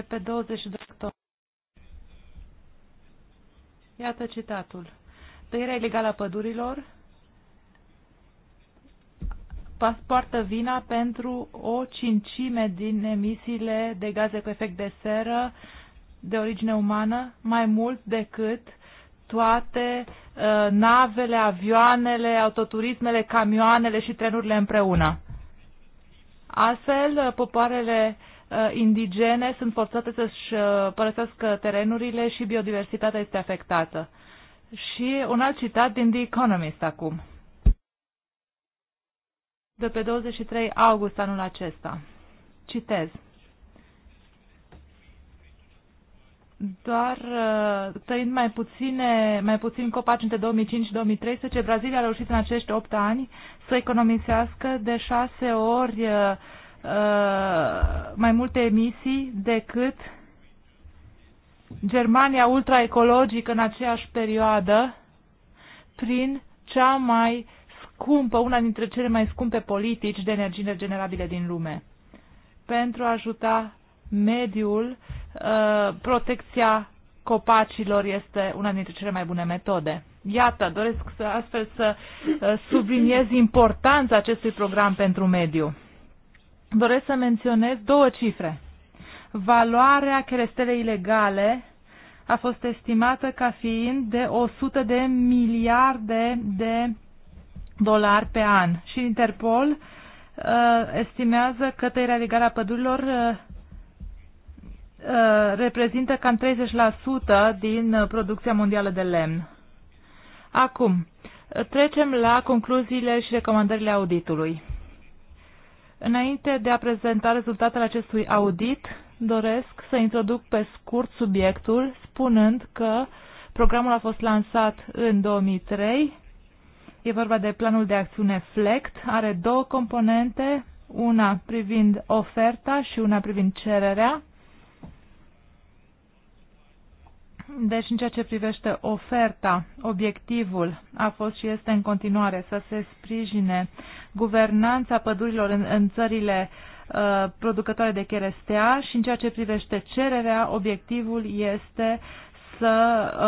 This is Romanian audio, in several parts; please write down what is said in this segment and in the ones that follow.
de pe 22 octombrie. Iată citatul. Tăierea ilegală a pădurilor poartă vina pentru o cincime din emisiile de gaze cu efect de seră de origine umană, mai mult decât toate uh, navele, avioanele, autoturismele, camioanele și trenurile împreună. Astfel, uh, popoarele Uh, indigene sunt forțate să-și uh, părăsească terenurile și biodiversitatea este afectată. Și un alt citat din The Economist acum, de pe 23 august anul acesta. Citez. doar uh, tăind mai, puține, mai puțin copaci între 2005-2013, Brazilia a reușit în acești 8 ani să economisească de 6 ori Uh, mai multe emisii decât Germania ultraecologică în aceeași perioadă prin cea mai scumpă, una dintre cele mai scumpe politici de energie regenerabile din lume. Pentru a ajuta mediul, uh, protecția copacilor este una dintre cele mai bune metode. Iată, doresc să, astfel să uh, subliniez importanța acestui program pentru mediu doresc să menționez două cifre. Valoarea cherestelei ilegale a fost estimată ca fiind de 100 de miliarde de dolari pe an și Interpol uh, estimează că tăierea legală a pădurilor uh, uh reprezintă cam 30% din producția mondială de lemn. Acum, trecem la concluziile și recomandările auditului. Înainte de a prezenta rezultatele acestui audit, doresc să introduc pe scurt subiectul, spunând că programul a fost lansat în 2003. E vorba de planul de acțiune FLECT. Are două componente, una privind oferta și una privind cererea. Deci, în ceea ce privește oferta, obiectivul a fost și este în continuare să se sprijine guvernanța pădurilor în, în țările uh, producătoare de cherestea și în ceea ce privește cererea, obiectivul este să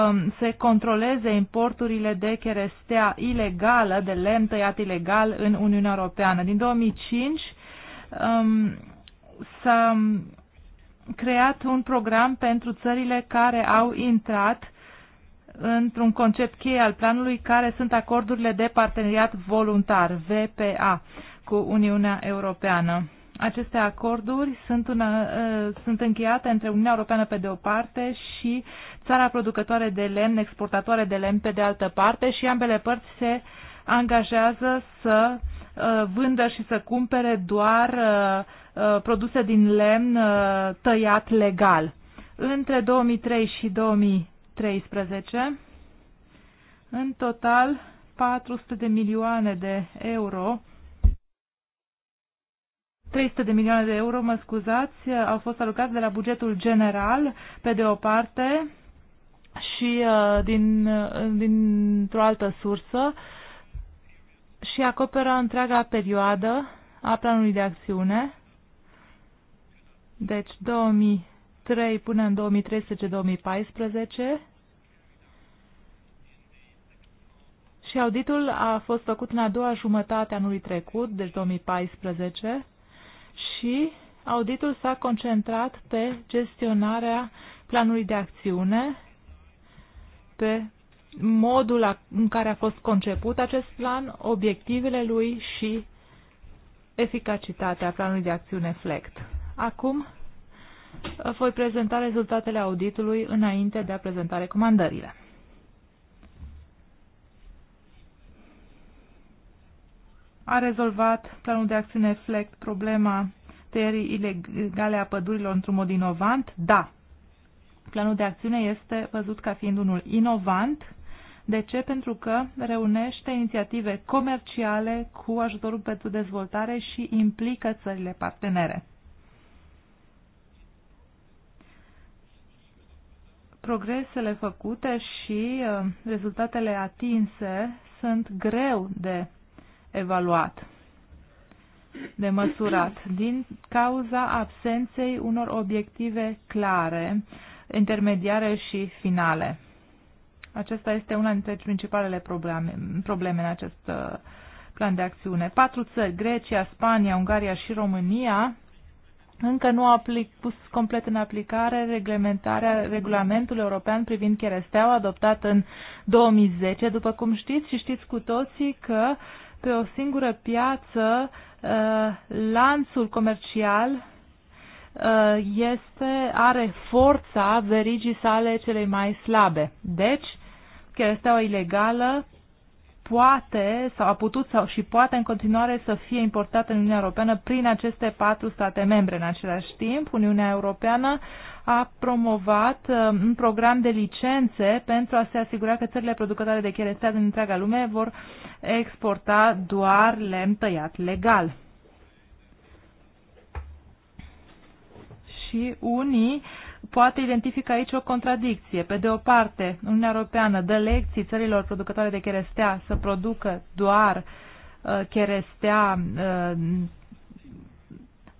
um, se controleze importurile de cherestea ilegală, de lemn tăiat ilegal în Uniunea Europeană. Din 2005 um, s-a creat un program pentru țările care au intrat într-un concept cheie al planului, care sunt acordurile de parteneriat voluntar, VPA, cu Uniunea Europeană. Aceste acorduri sunt, una, uh, sunt încheiate între Uniunea Europeană pe de o parte și țara producătoare de lemn, exportatoare de lemn pe de altă parte și ambele părți se angajează să uh, vândă și să cumpere doar uh, Uh, produse din lemn uh, tăiat legal. Între 2003 și 2013, în total 400 de milioane de euro 300 de milioane de euro, mă scuzați, au fost alocați de la bugetul general, pe de o parte, și uh, din, dintr-o altă sursă și acoperă întreaga perioadă a planului de acțiune deci 2003 până în 2013-2014 și auditul a fost făcut în a doua jumătate anului trecut, deci 2014 și auditul s-a concentrat pe gestionarea planului de acțiune, pe modul în care a fost conceput acest plan, obiectivele lui și eficacitatea planului de acțiune FLECT. Acum uh, voi prezenta rezultatele auditului înainte de a prezenta recomandările. A rezolvat planul de acțiune FLECT problema tăierii ilegale a pădurilor într-un mod inovant? Da. Planul de acțiune este văzut ca fiind unul inovant. De ce? Pentru că reunește inițiative comerciale cu ajutorul pentru dezvoltare și implică țările partenere. progresele făcute și uh, rezultatele atinse sunt greu de evaluat, de măsurat, din cauza absenței unor obiective clare, intermediare și finale. Acesta este una dintre principalele probleme, probleme în acest uh, plan de acțiune. Patru țări, Grecia, Spania, Ungaria și România, încă nu a pus complet în aplicare reglementarea regulamentului european privind cheresteaua adoptat în 2010, după cum știți și știți cu toții că pe o singură piață uh, lanțul comercial uh, este, are forța verigii sale celei mai slabe. Deci, cheresteaua ilegală poate sau a putut sau și poate în continuare să fie importată în Uniunea Europeană prin aceste patru state membre. În același timp, Uniunea Europeană a promovat uh, un program de licențe pentru a se asigura că țările producătoare de cherestea din întreaga lume vor exporta doar lemn tăiat legal. Și unii poate identifică aici o contradicție. Pe de o parte, Uniunea Europeană dă lecții țărilor producătoare de cherestea să producă doar uh, cherestea uh,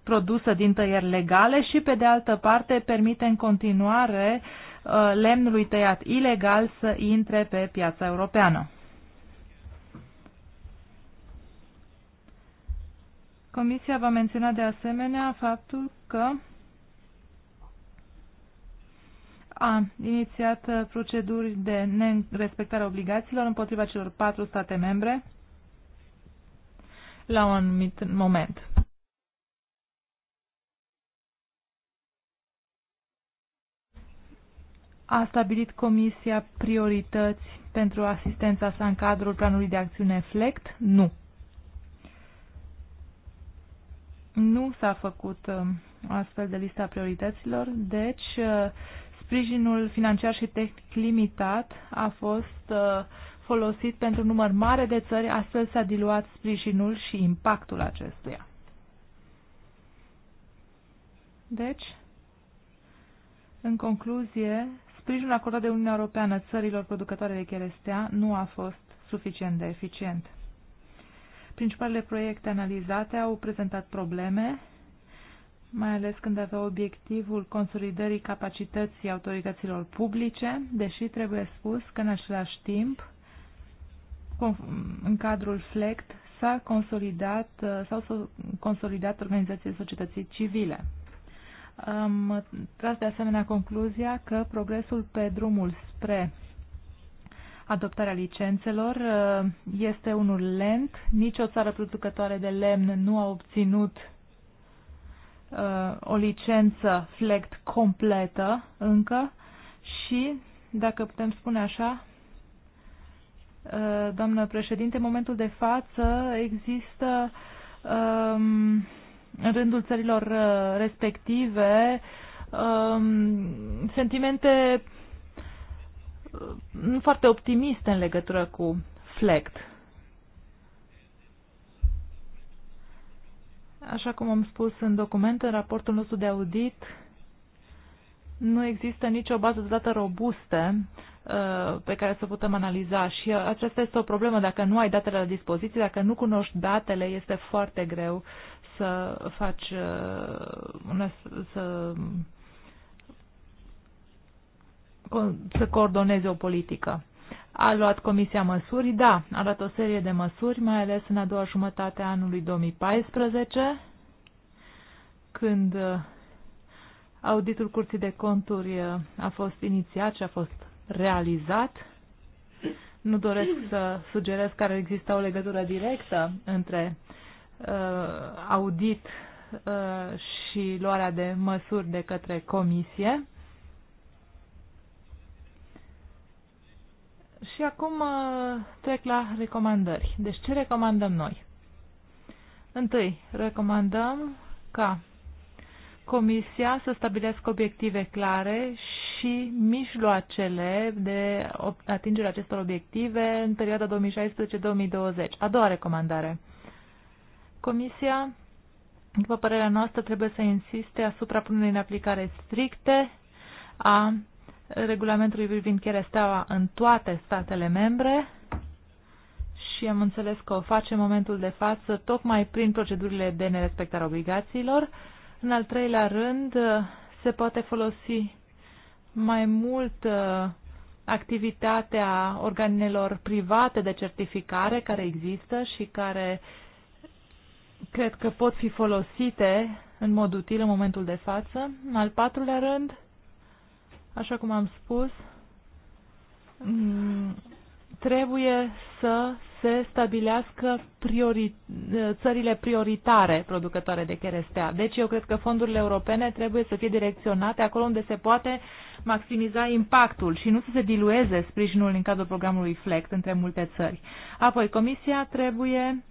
produsă din tăieri legale și, pe de altă parte, permite în continuare uh, lemnului tăiat ilegal să intre pe piața europeană. Comisia va menționa de asemenea faptul că a inițiat uh, proceduri de nerespectare a obligațiilor împotriva celor patru state membre la un anumit moment. A stabilit Comisia priorități pentru asistența sa în cadrul planului de acțiune FLECT? Nu. Nu s-a făcut uh, astfel de lista priorităților, deci uh, Sprijinul financiar și tehnic limitat a fost uh, folosit pentru număr mare de țări, astfel s-a diluat sprijinul și impactul acestuia. Deci, în concluzie, sprijinul acordat de Uniunea Europeană țărilor producătoare de cherestea nu a fost suficient de eficient. Principalele proiecte analizate au prezentat probleme mai ales când avea obiectivul consolidării capacității autorităților publice, deși trebuie spus că în același timp, în cadrul FLECT, s-a consolidat, s-au consolidat organizațiile societății civile. Am tras de asemenea concluzia că progresul pe drumul spre adoptarea licențelor uh, este unul lent. Nici o țară producătoare de lemn nu a obținut uh, o licență FLECT completă încă și, dacă putem spune așa, uh, doamnă președinte, în momentul de față există um, în rândul țărilor uh, respective um, sentimente uh, foarte optimiste în legătură cu FLECT. Așa cum am spus în document, în raportul nostru de audit, nu există nicio bază de date robustă uh, pe care să putem analiza și aceasta este o problemă. Dacă nu ai datele la dispoziție, dacă nu cunoști datele, este foarte greu să faci uh, să, să coordonezi o politică. A luat Comisia măsuri? Da, a luat o serie de măsuri, mai ales în a doua jumătate a anului 2014, când uh, auditul Curții de Conturi uh, a fost inițiat și a fost realizat. Nu doresc să sugerez că ar exista o legătură directă între uh, audit uh, și luarea de măsuri de către comisie, Și acum uh, trec la recomandări. Deci ce recomandăm noi? Întâi, recomandăm ca Comisia să stabilească obiective clare și mijloacele de atingere acestor obiective în perioada 2016-2020. A doua recomandare. Comisia, după părerea noastră, trebuie să insiste asupra punerii în aplicare stricte a regulamentului privind steaua în toate statele membre și am înțeles că o face în momentul de față tocmai prin procedurile de nerespectare obligațiilor. În al treilea rând, se poate folosi mai mult uh, activitatea organelor private de certificare care există și care cred că pot fi folosite în mod util în momentul de față. În al patrulea rând, Așa cum am spus, mm, trebuie să se stabilească priori, eh, țările prioritare producătoare de cherestea. Deci eu cred că fondurile europene trebuie să fie direcționate acolo unde se poate maximiza impactul și nu să se dilueze sprijinul în cadrul programului FLECT între multe țări. Apoi, Comisia trebuie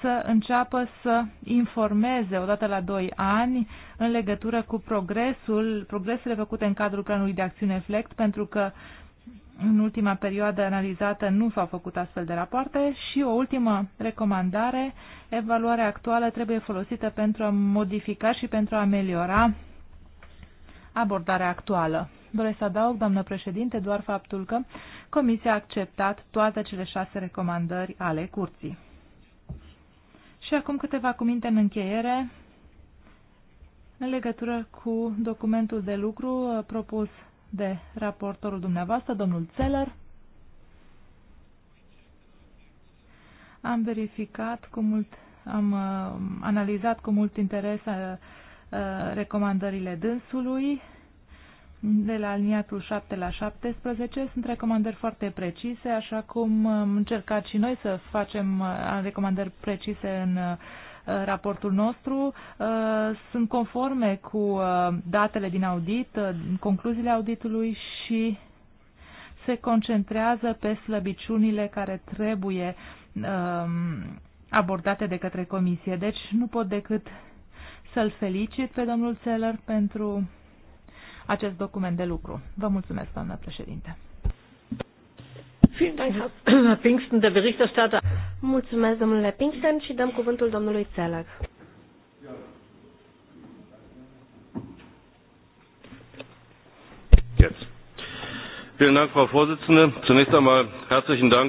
să înceapă să informeze odată la 2 ani în legătură cu progresul, progresele făcute în cadrul planului de acțiune FLECT, pentru că în ultima perioadă analizată nu s-au făcut astfel de rapoarte și o ultimă recomandare, evaluarea actuală trebuie folosită pentru a modifica și pentru a ameliora abordarea actuală. Doresc să adaug, doamnă președinte, doar faptul că Comisia a acceptat toate cele șase recomandări ale curții. Și acum câteva cuvinte în încheiere în legătură cu documentul de lucru uh, propus de raportorul dumneavoastră, domnul Zeller. Am verificat cu mult, am uh, analizat cu mult interes uh, uh recomandările dânsului de la aliniatul 7 la 17 sunt recomandări foarte precise, așa cum am încercat și noi să facem uh, recomandări precise în uh, raportul nostru. Uh, sunt conforme cu datele din audit, concluziile auditului și se concentrează pe slăbiciunile care trebuie um, abordate de către comisie. Deci nu pot decât să-l felicit pe domnul Țeller pentru acest document de lucru. Vă mulțumesc, doamnă președinte. Mulțumesc, domnule Pinkston, și dăm cuvântul domnului Țelag.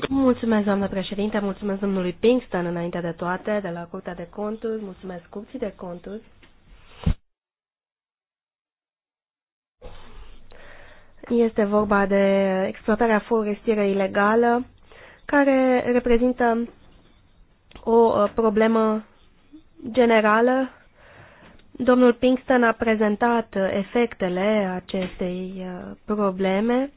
Mulțumesc, doamnă președinte, mulțumesc domnului Pinkston înainte de toate, de la Curtea de Conturi, mulțumesc Curții de Conturi Este vorba de exploatarea forestieră ilegală, care reprezintă o uh, problemă generală. Domnul Pinkston a prezentat uh, efectele acestei uh, probleme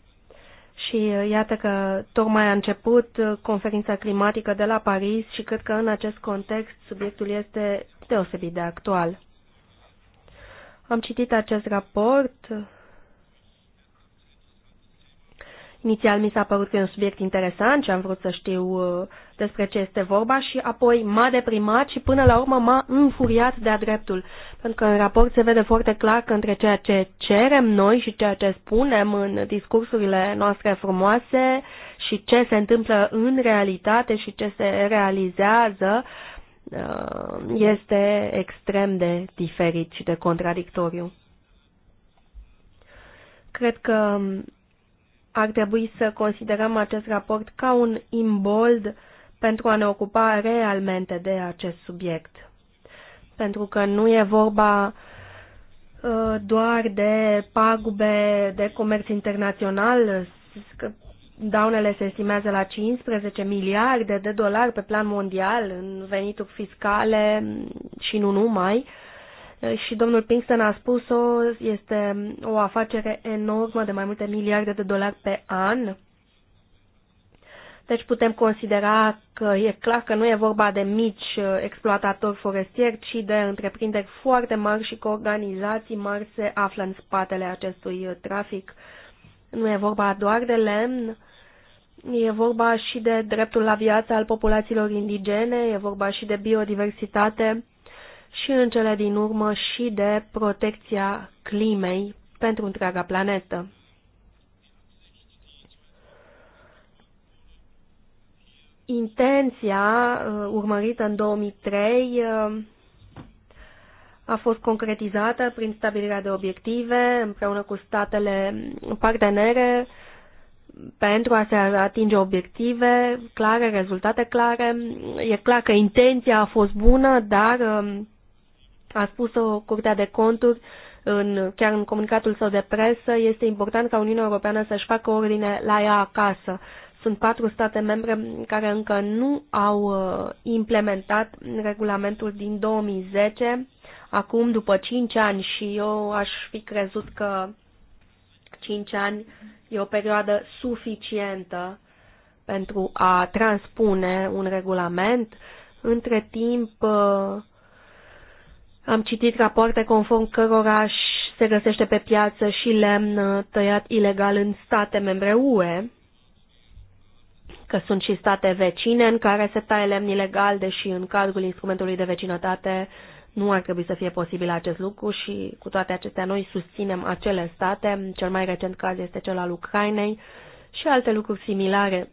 și iată că tocmai a început conferința climatică de la Paris și cred că în acest context subiectul este deosebit de actual. Am citit acest raport Inițial mi s-a părut că e un subiect interesant și am vrut să știu uh, despre ce este vorba și apoi m-a deprimat și până la urmă m-a înfuriat de-a dreptul. Pentru că în raport se vede foarte clar că între ceea ce cerem noi și ceea ce spunem în discursurile noastre frumoase și ce se întâmplă în realitate și ce se realizează, uh, este extrem de diferit și de contradictoriu. Cred că um, ar trebui să considerăm acest raport ca un imbold pentru a ne ocupa realmente de acest subiect. Pentru că nu e vorba uh, doar de pagube de comerț internațional, daunele se estimează la 15 miliarde de dolari pe plan mondial în venituri fiscale și nu numai, și domnul Pinkston a spus-o, este o afacere enormă de mai multe miliarde de dolari pe an. Deci putem considera că e clar că nu e vorba de mici uh, exploatatori forestieri, ci de întreprinderi foarte mari și că organizații mari se află în spatele acestui uh, trafic. Nu e vorba doar de lemn, e vorba și de dreptul la viață al populațiilor indigene, e vorba și de biodiversitate și în cele din urmă și de protecția climei pentru întreaga planetă. Intenția uh, urmărită în 2003 uh, a fost concretizată prin stabilirea de obiective împreună cu statele partenere pentru a se atinge obiective clare, rezultate clare. E clar că intenția a fost bună, dar um, a spus-o Curtea de Conturi, în, chiar în comunicatul său de presă, este important ca Uniunea Europeană să-și facă ordine la ea acasă. Sunt patru state membre care încă nu au uh, implementat regulamentul din 2010, acum după 5 ani și eu aș fi crezut că 5 ani e o perioadă suficientă pentru a transpune un regulament. Între timp, uh, am citit rapoarte conform cărora se găsește pe piață și lemn uh, tăiat ilegal în state membre UE, că sunt și state vecine în care se taie lemn ilegal, deși în cadrul instrumentului de vecinătate nu ar trebui să fie posibil acest lucru și cu toate acestea noi susținem acele state. Cel mai recent caz este cel al Ucrainei și alte lucruri similare.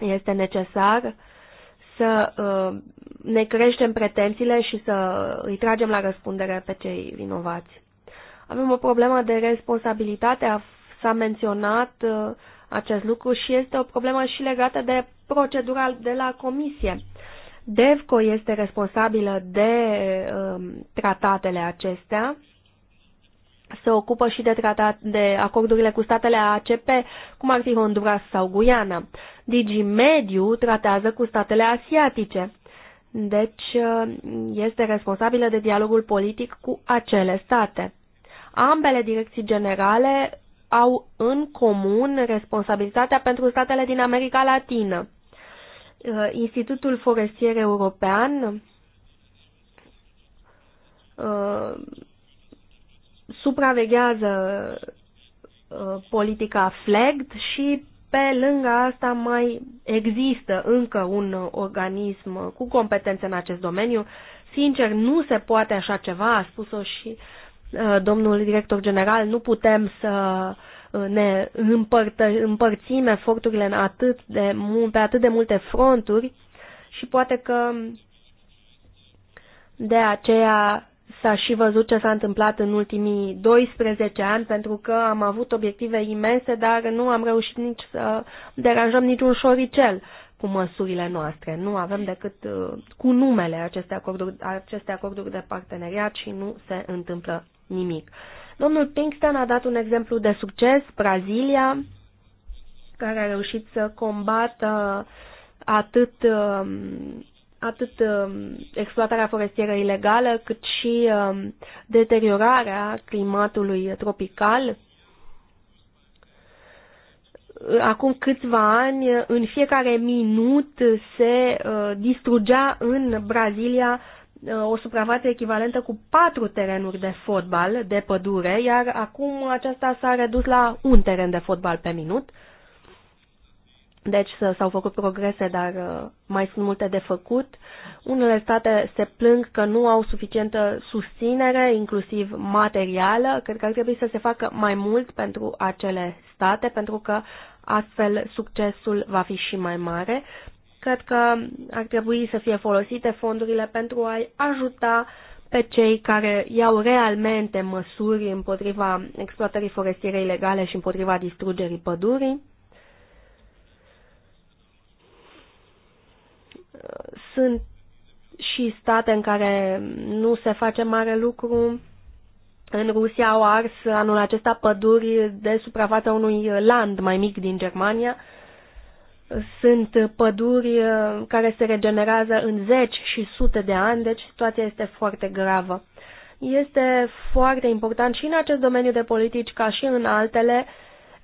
Este necesar să uh, ne creștem pretențiile și să îi tragem la răspundere pe cei vinovați. Avem o problemă de responsabilitate, s-a menționat uh, acest lucru și este o problemă și legată de procedura de la comisie. DEVCO este responsabilă de um, tratatele acestea, se ocupă și de, tratat, de acordurile cu statele ACP, cum ar fi Honduras sau Guyana. Digimediu tratează cu statele asiatice. Deci eh, este responsabilă de dialogul politic cu acele state. Ambele direcții generale au în comun responsabilitatea pentru statele din America Latină. Eh, Institutul Forestier European eh, supraveghează politica FLEGT și pe lângă asta mai există încă un organism cu competențe în acest domeniu. Sincer, nu se poate așa ceva, a spus-o și uh, domnul director general, nu putem să uh, ne împărtă, împărțim eforturile în atât de, pe atât de multe fronturi și poate că de aceea s-a și văzut ce s-a întâmplat în ultimii 12 ani, pentru că am avut obiective imense, dar nu am reușit nici să deranjăm niciun șoricel cu măsurile noastre. Nu avem decât uh, cu numele aceste acorduri, aceste acorduri de parteneriat și nu se întâmplă nimic. Domnul Pinkston a dat un exemplu de succes, Brazilia, care a reușit să combată atât um, atât um, exploatarea forestieră ilegală, cât și um, deteriorarea climatului tropical. Acum câțiva ani, în fiecare minut se uh, distrugea în Brazilia uh, o suprafață echivalentă cu patru terenuri de fotbal de pădure, iar acum aceasta s-a redus la un teren de fotbal pe minut. Uh, deci s-au făcut progrese, dar uh, mai sunt multe de făcut. Unele state se plâng că nu au suficientă susținere, inclusiv materială. Cred că ar trebui să se facă mai mult pentru acele state, pentru că astfel succesul va fi și mai mare. Cred că ar trebui să fie folosite fondurile pentru a-i ajuta pe cei care iau realmente măsuri împotriva exploatării forestiere ilegale și împotriva distrugerii pădurii Sunt și state în care nu se face mare lucru. În Rusia au ars anul acesta păduri de suprafața unui land mai mic din Germania. Sunt păduri uh, care se regenerează în zeci și sute de ani, deci situația este foarte gravă. Este foarte important și în acest domeniu de politici, ca și în altele,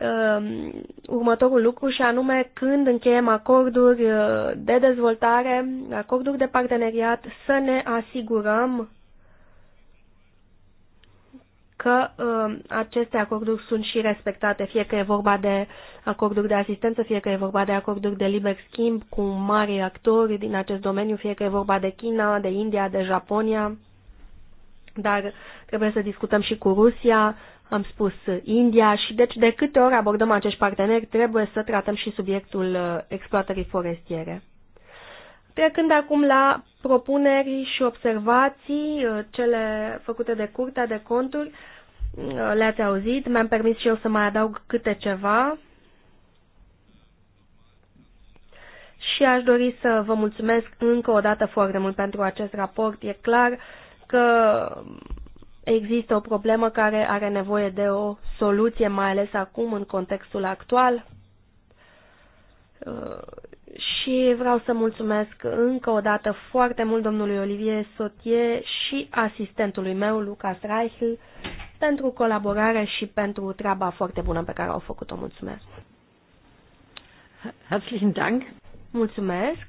uh, următorul lucru și anume când încheiem acorduri uh, de dezvoltare, acorduri de parteneriat, să ne asigurăm că uh, aceste acorduri sunt și respectate, fie că e vorba de acorduri de asistență, fie că e vorba de acorduri de liber schimb cu mari actori din acest domeniu, fie că e vorba de China, de India, de Japonia, dar trebuie să discutăm și cu Rusia, am spus India și deci de câte ori abordăm acești parteneri trebuie să tratăm și subiectul uh, exploatării forestiere. Trecând acum la propuneri și observații, uh, cele făcute de Curtea de Conturi, uh, le-ați auzit, mi-am permis și eu să mai adaug câte ceva. Și aș dori să vă mulțumesc încă o dată foarte mult pentru acest raport. E clar că Există o problemă care are nevoie de o soluție, mai ales acum, în contextul actual. Uh, și vreau să mulțumesc încă o dată foarte mult domnului Olivier Sotie și asistentului meu, Lucas Reichl, pentru colaborare și pentru treaba foarte bună pe care au făcut-o. Mulțumesc! Herzlichen Dank! Mulțumesc!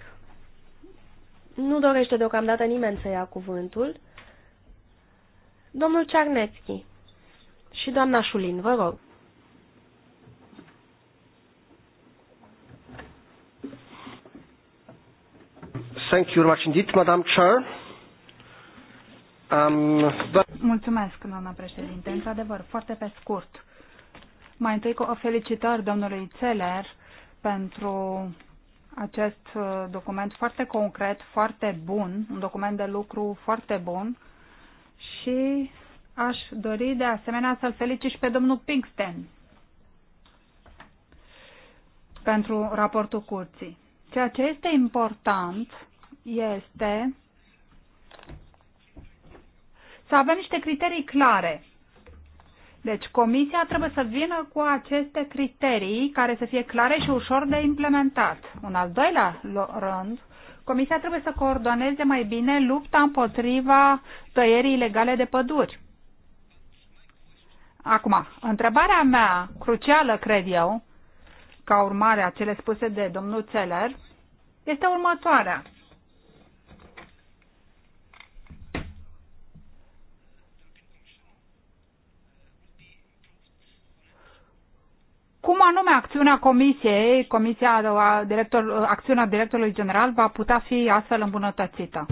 Nu dorește deocamdată nimeni să ia cuvântul. Domnul Cernețchi și doamna Șulin, vă rog. Thank you very much indeed, Madam Chair. Um, but... Mulțumesc, doamna președinte. Într-adevăr, foarte pe scurt. Mai întâi cu o felicitări domnului Țeler pentru acest uh, document foarte concret, foarte bun, un document de lucru foarte bun și aș dori de asemenea să-l felicit și pe domnul Pinkston pentru raportul curții. Ceea ce este important este să avem niște criterii clare. Deci comisia trebuie să vină cu aceste criterii care să fie clare și ușor de implementat. Un al doilea rând, Comisia trebuie să coordoneze mai bine lupta împotriva tăierii ilegale de păduri. Acum, întrebarea mea crucială, cred eu, ca urmare a cele spuse de domnul Țeler, este următoarea. cum anume acțiunea comisiei, comisia, director, acțiunea directorului general va putea fi astfel îmbunătățită?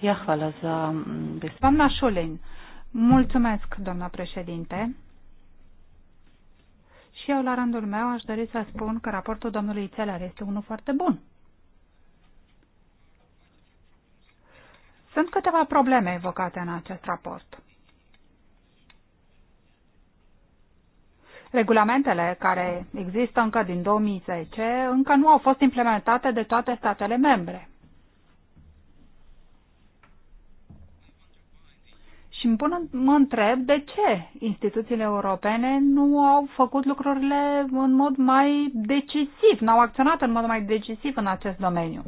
Mm, doamna Șulin, mulțumesc, doamna președinte. Și eu, la rândul meu, aș dori să spun că raportul domnului Țelar este unul foarte bun. Sunt câteva probleme evocate în acest raport. Regulamentele care există încă din 2010 încă nu au fost implementate de toate statele membre. Și îmi pun, mă întreb de ce instituțiile europene nu au făcut lucrurile în mod mai decisiv, n-au acționat în mod mai decisiv în acest domeniu.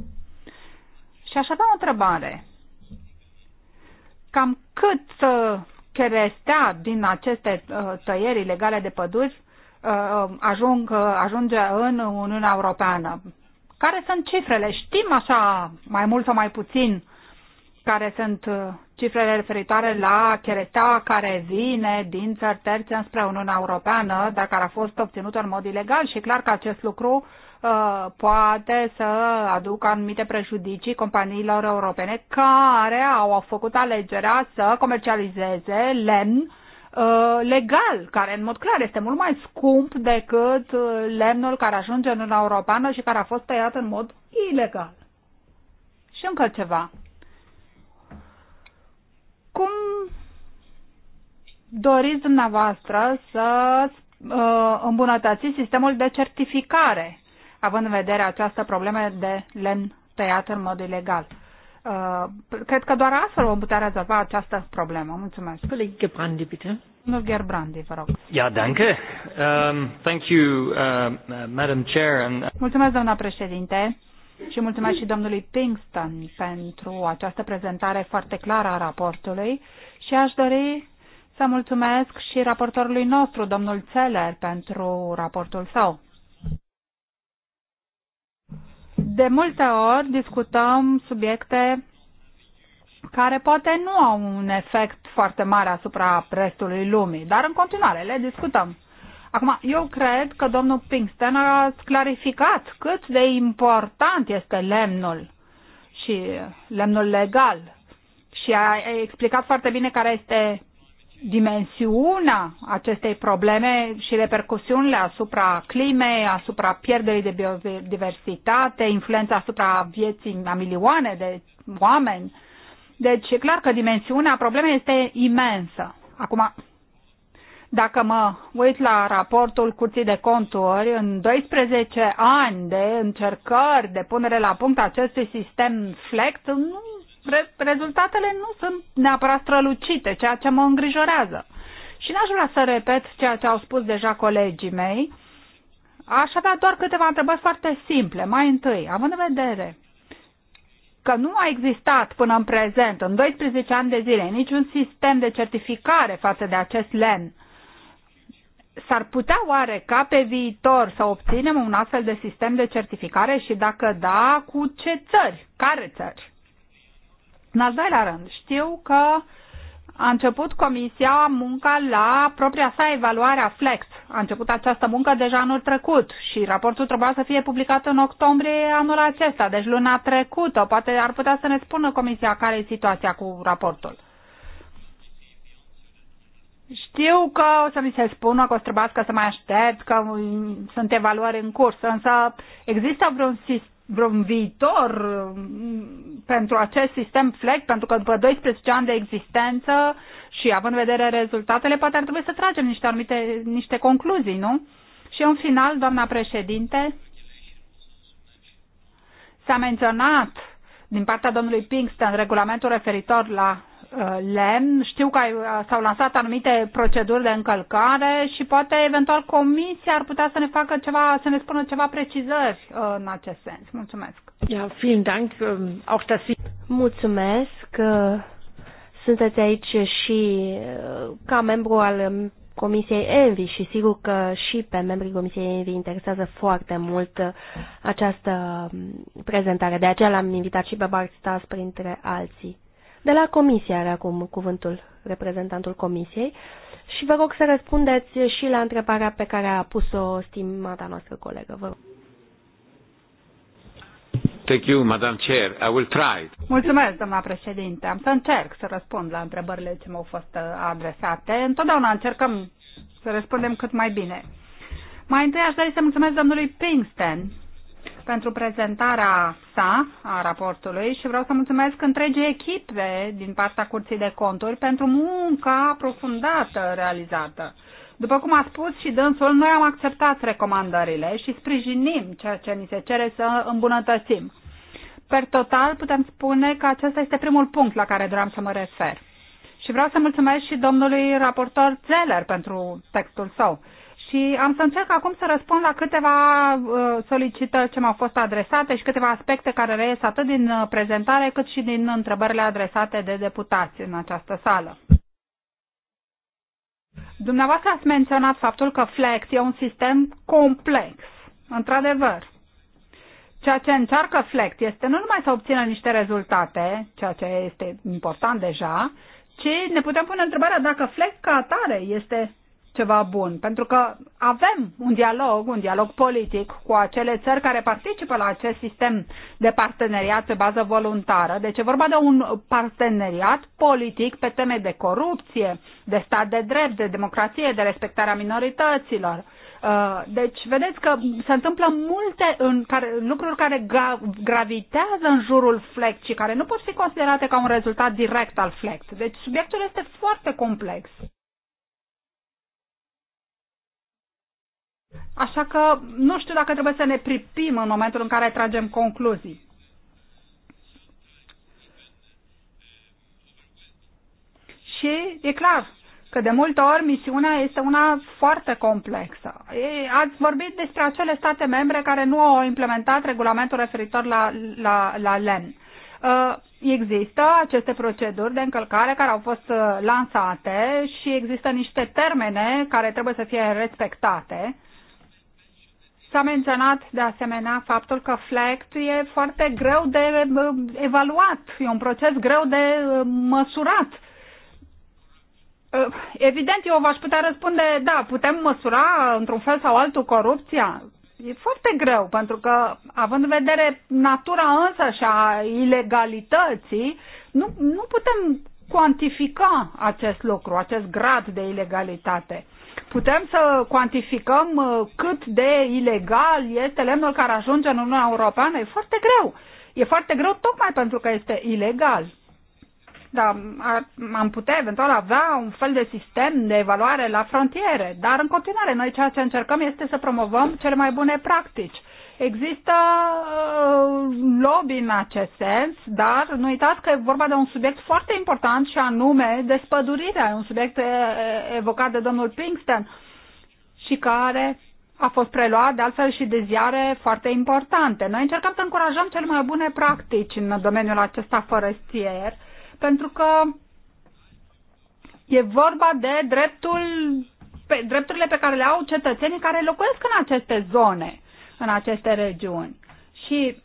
Și aș avea o întrebare. Cam cât uh, cherestea din aceste uh, tăieri ilegale de păduri uh, uh, ajung, ajunge în Uniunea Europeană. Care sunt cifrele? Știm așa mai mult sau mai puțin care sunt cifrele referitoare la cheretea care vine din țări terțe înspre Uniunea Europeană, dar care a fost obținută în mod ilegal și clar că acest lucru uh, Uh, poate să aducă anumite prejudicii companiilor europene care au făcut alegerea să comercializeze lemn uh, legal, care în mod clar este mult mai scump decât uh, lemnul care ajunge în Uniunea Europeană și care a fost tăiat în mod ilegal. Și încă ceva. Cum doriți dumneavoastră să îmbunătățiți sistemul de certificare având în vedere această problemă de lemn tăiat în mod ilegal. Uh, cred că doar astfel vom putea rezolva această problemă. Mulțumesc. Gebrandi, bitte. Domnul Gerbrandi, vă rog. Ja, danke. Um, thank you, uh, Madam Chair. And... Uh, mulțumesc, doamna președinte. Și mulțumesc și domnului Pinkston pentru această prezentare foarte clară a raportului și aș dori să mulțumesc și raportorului nostru, domnul Zeller, pentru raportul său de multe ori discutăm subiecte care poate nu au un efect foarte mare asupra restului lumii, dar în continuare le discutăm. Acum, eu cred că domnul Pinkston a clarificat cât de important este lemnul și lemnul legal și a explicat foarte bine care este dimensiunea acestei probleme și repercusiunile asupra climei, asupra pierderii de biodiversitate, influența asupra vieții a milioane de oameni. Deci e clar că dimensiunea problemei este imensă. Acum, dacă mă uit la raportul Curții de Conturi, în 12 ani de încercări de punere la punct acestui sistem FLECT, nu re- rezultatele nu sunt neapărat strălucite, ceea ce mă îngrijorează. Și n-aș vrea să repet ceea ce au spus deja colegii mei. Aș avea doar câteva întrebări foarte simple. Mai întâi, având în vedere că nu a existat până în prezent, în 12 ani de zile, niciun sistem de certificare față de acest len, s-ar putea oare ca pe viitor să obținem un astfel de sistem de certificare și dacă da, cu ce țări? Care țări? În al doilea rând, știu că a început comisia munca la propria sa evaluare a FLEX. A început această muncă deja anul trecut și raportul trebuia să fie publicat în octombrie anul acesta, deci luna trecută. Poate ar putea să ne spună comisia care e situația cu raportul. Știu că o să mi se spună că o să trebuiască să mai aștept, că sunt evaluări în curs, însă există vreun sistem vreun viitor mm, pentru acest sistem FLEC, pentru că după 12 ani de existență și având în vedere rezultatele, poate ar trebui să tragem niște anumite niște concluzii, nu? Și în final, doamna președinte, s-a menționat din partea domnului Pinkston regulamentul referitor la lemn. Știu că s-au lansat anumite proceduri de încălcare și poate eventual comisia ar putea să ne facă ceva, să ne spună ceva precizări uh, în acest sens. Mulțumesc. Ja, vielen Dank. Ähm, auch das Mulțumesc. Sunteți aici și uh, ca membru al um, Comisiei Envi și sigur că și pe membrii Comisiei Envi interesează foarte mult uh, această um, prezentare. De aceea l-am invitat și pe Bart Stas printre alții. De la comisie are acum cuvântul reprezentantul comisiei și vă rog să răspundeți și la întrebarea pe care a pus-o stimata noastră colegă. Vă rog. Thank you, Madam Chair. I will try. Mulțumesc, doamna președinte. Am să încerc să răspund la întrebările ce m-au fost uh, adresate. Întotdeauna încercăm să răspundem cât mai bine. Mai întâi aș dori să mulțumesc domnului Pinkston pentru prezentarea sa, a raportului, și vreau să mulțumesc întregii echipe din partea Curții de Conturi pentru munca aprofundată realizată. După cum a spus și dânsul, noi am acceptat recomandările și sprijinim ceea ce ni se cere să îmbunătățim. Per total, putem spune că acesta este primul punct la care doream să mă refer. Și vreau să mulțumesc și domnului raportor Zeller pentru textul său și am să încerc acum să răspund la câteva uh, solicitări ce m-au fost adresate și câteva aspecte care reies atât din uh, prezentare cât și din întrebările adresate de deputați în această sală. Dumneavoastră ați menționat faptul că Flex e un sistem complex. Într-adevăr, ceea ce încearcă Flex este nu numai să obțină niște rezultate, ceea ce este important deja, ci ne putem pune întrebarea dacă Flex ca atare este ceva bun, pentru că avem un dialog, un dialog politic cu acele țări care participă la acest sistem de parteneriat pe bază voluntară. Deci e vorba de un parteneriat politic pe teme de corupție, de stat de drept, de democrație, de respectarea minorităților. Uh, deci, vedeți că se întâmplă multe în care, lucruri care gravitează în jurul FLECT și care nu pot fi considerate ca un rezultat direct al FLECT. Deci, subiectul este foarte complex. Așa că nu știu dacă trebuie să ne pripim în momentul în care tragem concluzii. Și e clar că de multe ori misiunea este una foarte complexă. Ați vorbit despre acele state membre care nu au implementat regulamentul referitor la, la, la LEN. Uh, există aceste proceduri de încălcare care au fost uh, lansate și există niște termene care trebuie să fie respectate S-a menționat de asemenea faptul că FLECT e foarte greu de uh, evaluat, e un proces greu de uh, măsurat. Uh, evident, eu v-aș putea răspunde, da, putem măsura într-un fel sau altul corupția. E foarte greu, pentru că, având în vedere natura însă și a ilegalității, nu, nu putem cuantifica acest lucru, acest grad de ilegalitate. Putem să cuantificăm uh, cât de ilegal este lemnul care ajunge în Uniunea Europeană? E foarte greu. E foarte greu tocmai pentru că este ilegal. Dar da, am putea eventual avea un fel de sistem de evaluare la frontiere. Dar în continuare, noi ceea ce încercăm este să promovăm cele mai bune practici Există uh, lobby în acest sens, dar nu uitați că e vorba de un subiect foarte important și anume despădurirea, un subiect uh, evocat de domnul Pinkston și care a fost preluat de altfel și de ziare foarte importante. Noi încercăm să încurajăm cele mai bune practici în domeniul acesta forestier, pentru că e vorba de dreptul, pe, drepturile pe care le au cetățenii care locuiesc în aceste zone în aceste regiuni. Și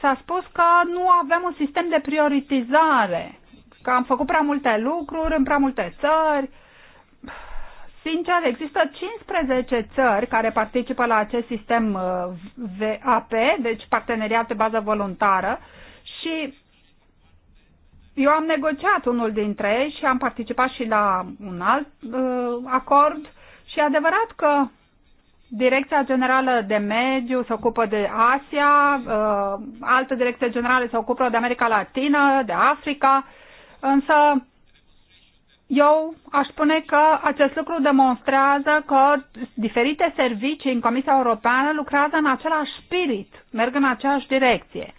s-a spus că nu avem un sistem de prioritizare, că am făcut prea multe lucruri în prea multe țări. Sincer, există 15 țări care participă la acest sistem uh, VAP, deci parteneriat pe bază voluntară, și eu am negociat unul dintre ei și am participat și la un alt uh, acord și e adevărat că Direcția Generală de Mediu se ocupă de Asia, uh, altă direcție generală se ocupă de America Latină, de Africa, însă eu aș spune că acest lucru demonstrează că diferite servicii în Comisia Europeană lucrează în același spirit, merg în aceeași direcție.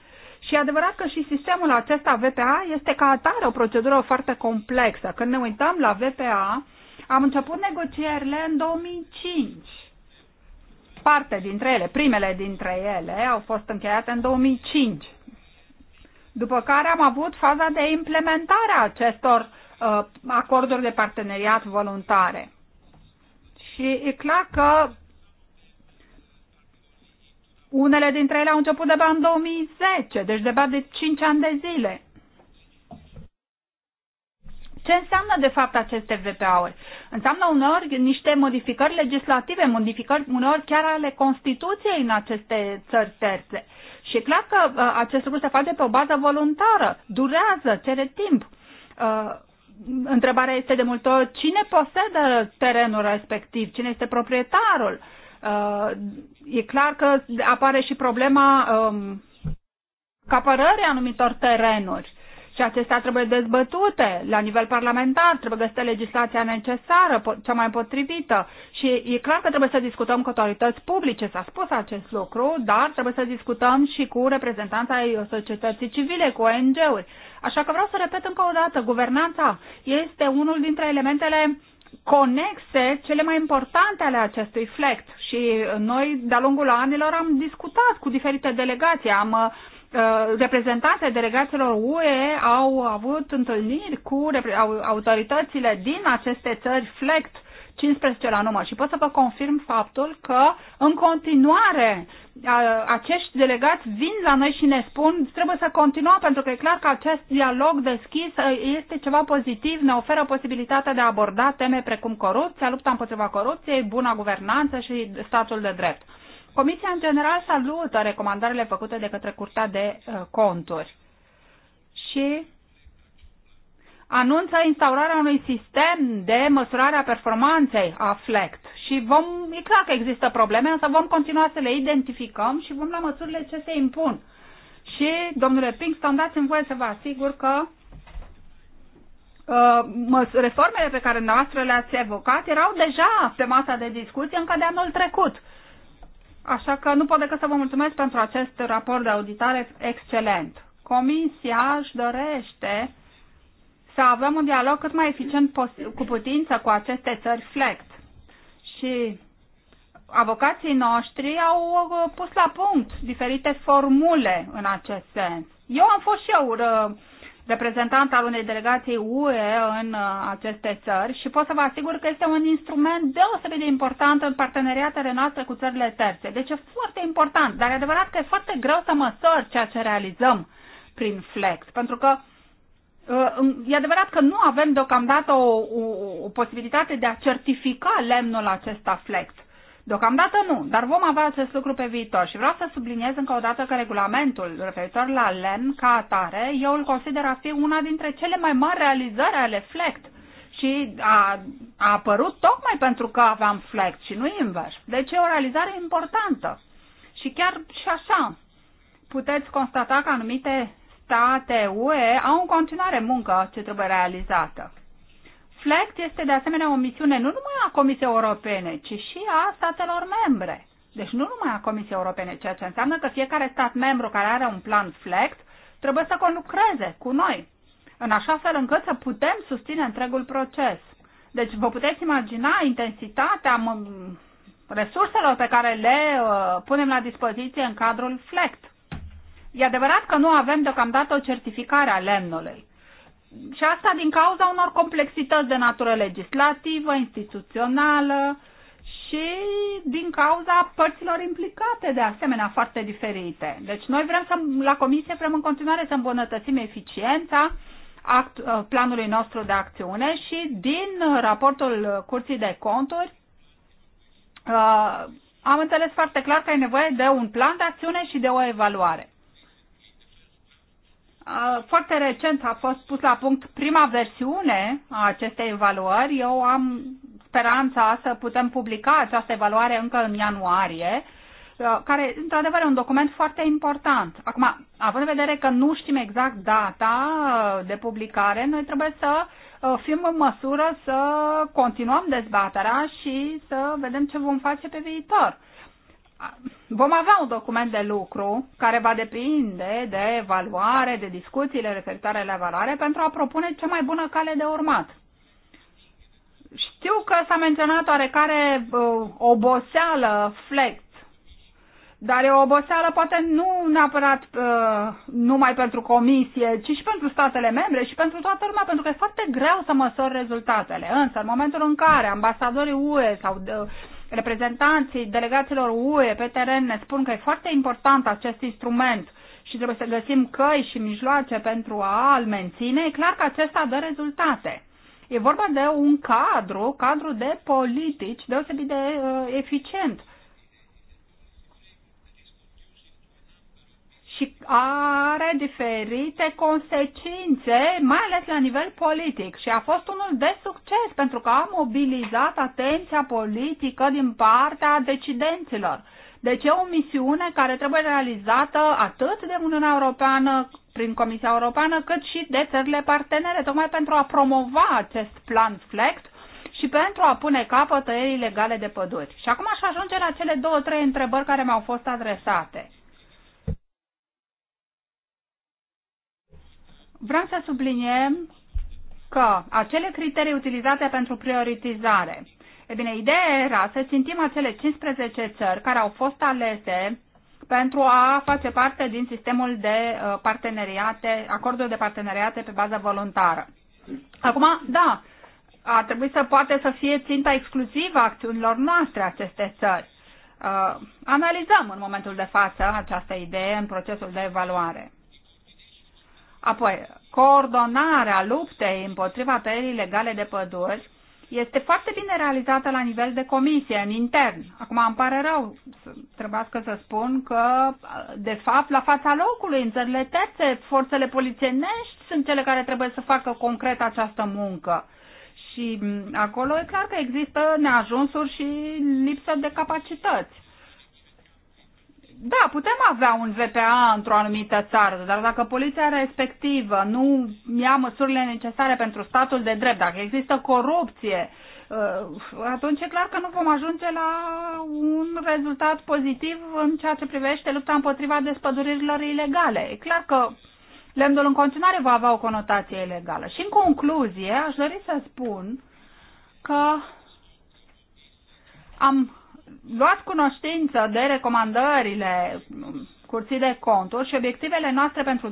Și e adevărat că și sistemul acesta VPA este ca atare o procedură foarte complexă. Când ne uităm la VPA, am început negocierile în 2005 parte dintre ele, primele dintre ele, au fost încheiate în 2005. După care am avut faza de implementare a acestor uh, acorduri de parteneriat voluntare. Și e clar că unele dintre ele au început de în 2010, deci de de 5 ani de zile. Ce înseamnă de fapt aceste VPA-uri? Înseamnă uneori niște modificări legislative, modificări uneori chiar ale Constituției în aceste țări terțe. Și e clar că uh, acest lucru se face pe o bază voluntară, durează, cere timp. Uh, întrebarea este de multe ori cine posedă terenul respectiv, cine este proprietarul. Uh, e clar că apare și problema um, capărării anumitor terenuri și acestea trebuie dezbătute la nivel parlamentar, trebuie găsită legislația necesară, cea mai potrivită și e clar că trebuie să discutăm cu autorități publice, s-a spus acest lucru, dar trebuie să discutăm și cu reprezentanța ai societății civile, cu ONG-uri. Așa că vreau să repet încă o dată, guvernanța este unul dintre elementele conexe cele mai importante ale acestui flect și noi de-a lungul anilor am discutat cu diferite delegații, am uh, Uh, reprezentante delegațiilor UE au avut întâlniri cu autoritățile din aceste țări FLECT 15 la număr și pot să vă confirm faptul că în continuare uh, acești delegați vin la noi și ne spun trebuie să continuăm pentru că e clar că acest dialog deschis uh, este ceva pozitiv, ne oferă posibilitatea de a aborda teme precum corupția, lupta împotriva corupției, buna guvernanță și statul de drept. Comisia, în general, salută recomandările făcute de către Curtea de uh, Conturi și anunță instaurarea unui sistem de măsurare a performanței a FLECT. Și vom, e clar că există probleme, însă vom continua să le identificăm și vom lua măsurile ce se impun. Și, domnule Pinkston, dați-mi voie să vă asigur că uh, reformele pe care noastră le-ați evocat erau deja pe masa de discuție încă de anul trecut. Uh, Așa că nu pot decât să vă mulțumesc pentru acest raport de auditare excelent. Comisia își dorește să avem un dialog cât mai eficient cu putință cu aceste țări FLECT. Și avocații noștri au uh, pus la punct diferite formule în acest sens. Eu am fost și eu uh, reprezentant al unei delegații UE în uh, aceste țări și pot să vă asigur că este un instrument deosebit de important în parteneriatele noastre cu țările terțe. Deci e foarte important, dar e adevărat că e foarte greu să măsori ceea ce realizăm prin flex, pentru că uh, E adevărat că nu avem deocamdată o, o, o posibilitate de a certifica lemnul acesta flex. Deocamdată nu, dar vom avea acest lucru pe viitor și vreau să subliniez încă o dată că regulamentul referitor la LEN ca atare, eu îl consider a fi una dintre cele mai mari realizări ale FLECT și a, a apărut tocmai pentru că aveam FLECT și nu invers. Deci e o realizare importantă și chiar și așa puteți constata că anumite state UE au în continuare muncă ce trebuie realizată. FLECT este de asemenea o misiune nu numai a Comisiei Europene, ci și a statelor membre. Deci nu numai a Comisiei Europene, ceea ce înseamnă că fiecare stat membru care are un plan FLECT trebuie să conlucreze cu noi, în așa fel încât să putem susține întregul proces. Deci vă puteți imagina intensitatea resurselor pe care le uh, punem la dispoziție în cadrul FLECT. E adevărat că nu avem deocamdată o certificare a lemnului și asta din cauza unor complexități de natură legislativă, instituțională și din cauza părților implicate, de asemenea, foarte diferite. Deci noi vrem să, la Comisie vrem în continuare să îmbunătățim eficiența act, uh, planului nostru de acțiune și din raportul Curții de Conturi uh, am înțeles foarte clar că e nevoie de un plan de acțiune și de o evaluare. Foarte recent a fost pus la punct prima versiune a acestei evaluări. Eu am speranța să putem publica această evaluare încă în ianuarie, care, într-adevăr, e un document foarte important. Acum, având în vedere că nu știm exact data de publicare, noi trebuie să fim în măsură să continuăm dezbaterea și să vedem ce vom face pe viitor vom avea un document de lucru care va depinde de evaluare, de discuțiile referitoare la evaluare pentru a propune cea mai bună cale de urmat. Știu că s-a menționat oarecare uh, oboseală flex, dar e o oboseală poate nu neapărat uh, numai pentru comisie, ci și pentru statele membre și pentru toată lumea, pentru că e foarte greu să măsori rezultatele. Însă, în momentul în care ambasadorii UE sau uh, reprezentanții delegațiilor UE pe teren ne spun că e foarte important acest instrument și trebuie să găsim căi și mijloace pentru a-l menține, e clar că acesta dă rezultate. E vorba de un cadru, cadru de politici deosebit de uh, eficient și are diferite consecințe, mai ales la nivel politic. Și a fost unul de succes pentru că a mobilizat atenția politică din partea decidenților. Deci e o misiune care trebuie realizată atât de Uniunea Europeană prin Comisia Europeană, cât și de țările partenere, tocmai pentru a promova acest plan flex și pentru a pune capăt tăierii legale de păduri. Și acum aș ajunge la cele două, trei întrebări care mi-au fost adresate. Vreau să subliniem că acele criterii utilizate pentru prioritizare, e bine, ideea era să țintim acele 15 țări care au fost alese pentru a face parte din sistemul de uh, parteneriate, acordul de parteneriate pe bază voluntară. Acum, da, ar trebui să poate să fie ținta exclusivă a acțiunilor noastre aceste țări. Uh, analizăm în momentul de față această idee în procesul de evaluare. Apoi, coordonarea luptei împotriva tăierii legale de păduri este foarte bine realizată la nivel de comisie, în intern. Acum îmi pare rău, trebuiască să spun că, de fapt, la fața locului, în țările terțe, forțele polițienești sunt cele care trebuie să facă concret această muncă. Și acolo e clar că există neajunsuri și lipsă de capacități. Da, putem avea un VPA într-o anumită țară, dar dacă poliția respectivă nu ia măsurile necesare pentru statul de drept, dacă există corupție, uh, atunci e clar că nu vom ajunge la un rezultat pozitiv în ceea ce privește lupta împotriva despăduririlor ilegale. E clar că lemnul în continuare va avea o conotație ilegală. Și în concluzie, aș dori să spun că am luați cunoștință de recomandările Curții de Conturi și obiectivele noastre pentru 2016-2020.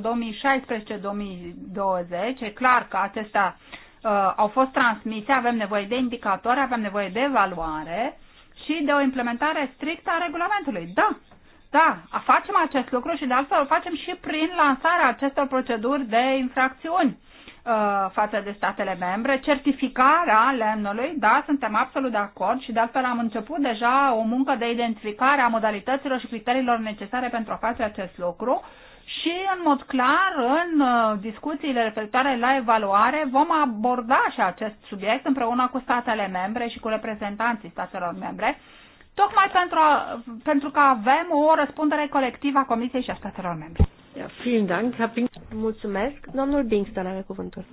E clar că acestea uh, au fost transmise, avem nevoie de indicatori, avem nevoie de evaluare și de o implementare strictă a regulamentului. Da, da, facem acest lucru și de altfel o facem și prin lansarea acestor proceduri de infracțiuni Uh, față de statele membre, certificarea lemnului, da, suntem absolut de acord și de altfel am început deja o muncă de identificare a modalităților și criteriilor necesare pentru a face acest lucru și în mod clar în uh, discuțiile referitoare la evaluare vom aborda și acest subiect împreună cu statele membre și cu reprezentanții statelor membre, tocmai pentru, a, pentru că avem o răspundere colectivă a Comisiei și a statelor membre vielen Dank, Herr Bing. Mulțumesc. Domnul Bingston are cuvântul.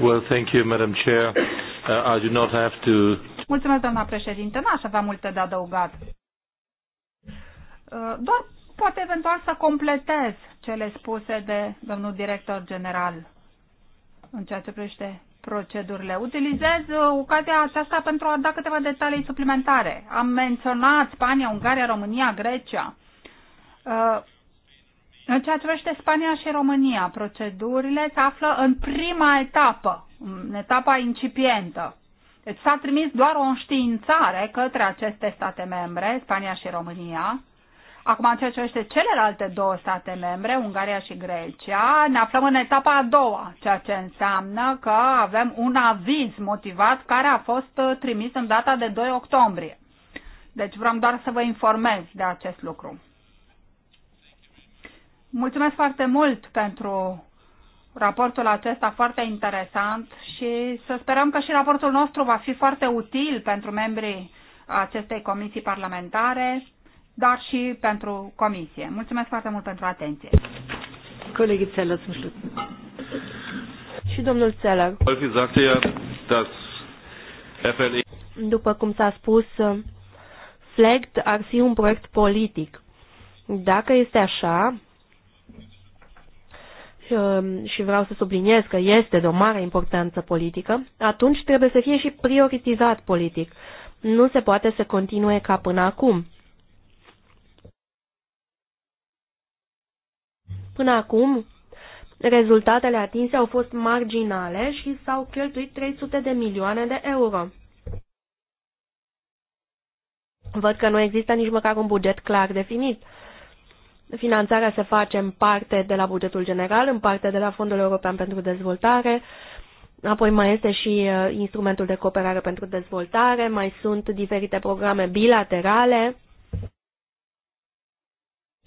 Well, thank you, Madam Chair. Uh, I do not have to... Mulțumesc, doamna președinte. N-aș avea multe de adăugat. Uh, doar poate eventual să completez cele spuse de domnul director general în ceea ce privește procedurile. Utilizez ocazia aceasta pentru a da câteva detalii suplimentare. Am menționat Spania, Ungaria, România, Grecia. Uh, în ceea ce privește Spania și România, procedurile se află în prima etapă, în etapa incipientă. Deci s-a trimis doar o înștiințare către aceste state membre, Spania și România, Acum, în ceea ce este celelalte două state membre, Ungaria și Grecia, ne aflăm în etapa a doua, ceea ce înseamnă că avem un aviz motivat care a fost uh, trimis în data de 2 octombrie. Deci vreau doar să vă informez de acest lucru. Mulțumesc foarte mult pentru raportul acesta foarte interesant și să sperăm că și raportul nostru va fi foarte util pentru membrii acestei comisii parlamentare dar și pentru comisie. Mulțumesc foarte mult pentru atenție. Colegii Țelă, sunt Și domnul Țelă. După cum s-a spus, FLEGT ar fi un proiect politic. Dacă este așa, um, și vreau să subliniez că este de o mare importanță politică, atunci trebuie să fie și prioritizat politic. Nu se poate să continue ca până acum. Până acum, rezultatele atinse au fost marginale și s-au cheltuit 300 de milioane de euro. Văd că nu există nici măcar un buget clar definit. Finanțarea se face în parte de la bugetul general, în parte de la Fondul European pentru Dezvoltare, apoi mai este și uh, instrumentul de cooperare pentru dezvoltare, mai sunt diferite programe bilaterale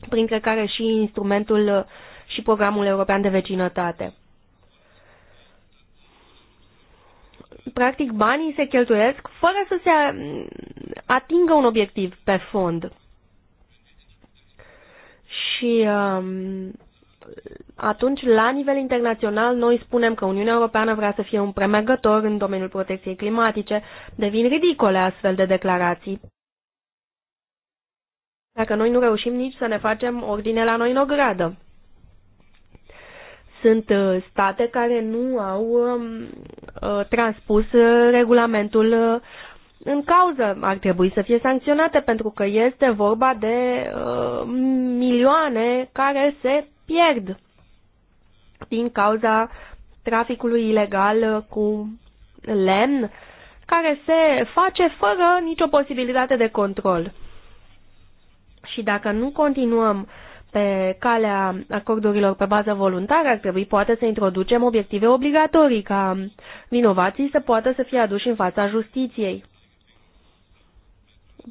printre care și instrumentul uh, și programul european de vecinătate. Practic, banii se cheltuiesc fără să se mm, atingă un obiectiv pe fond. Și um, atunci, la nivel internațional, noi spunem că Uniunea Europeană vrea să fie un premergător în domeniul protecției climatice. Devin ridicole astfel de declarații dacă noi nu reușim nici să ne facem ordine la noi în ogradă. Sunt uh, state care nu au um, uh, transpus uh, regulamentul în cauză. Ar trebui să fie sancționate pentru că este vorba de milioane care se pierd din cauza traficului ilegal cu lemn care se face fără nicio posibilitate de control. Și dacă nu continuăm pe calea acordurilor pe bază voluntară, ar trebui poate să introducem obiective obligatorii ca vinovații să poată să fie aduși în fața justiției.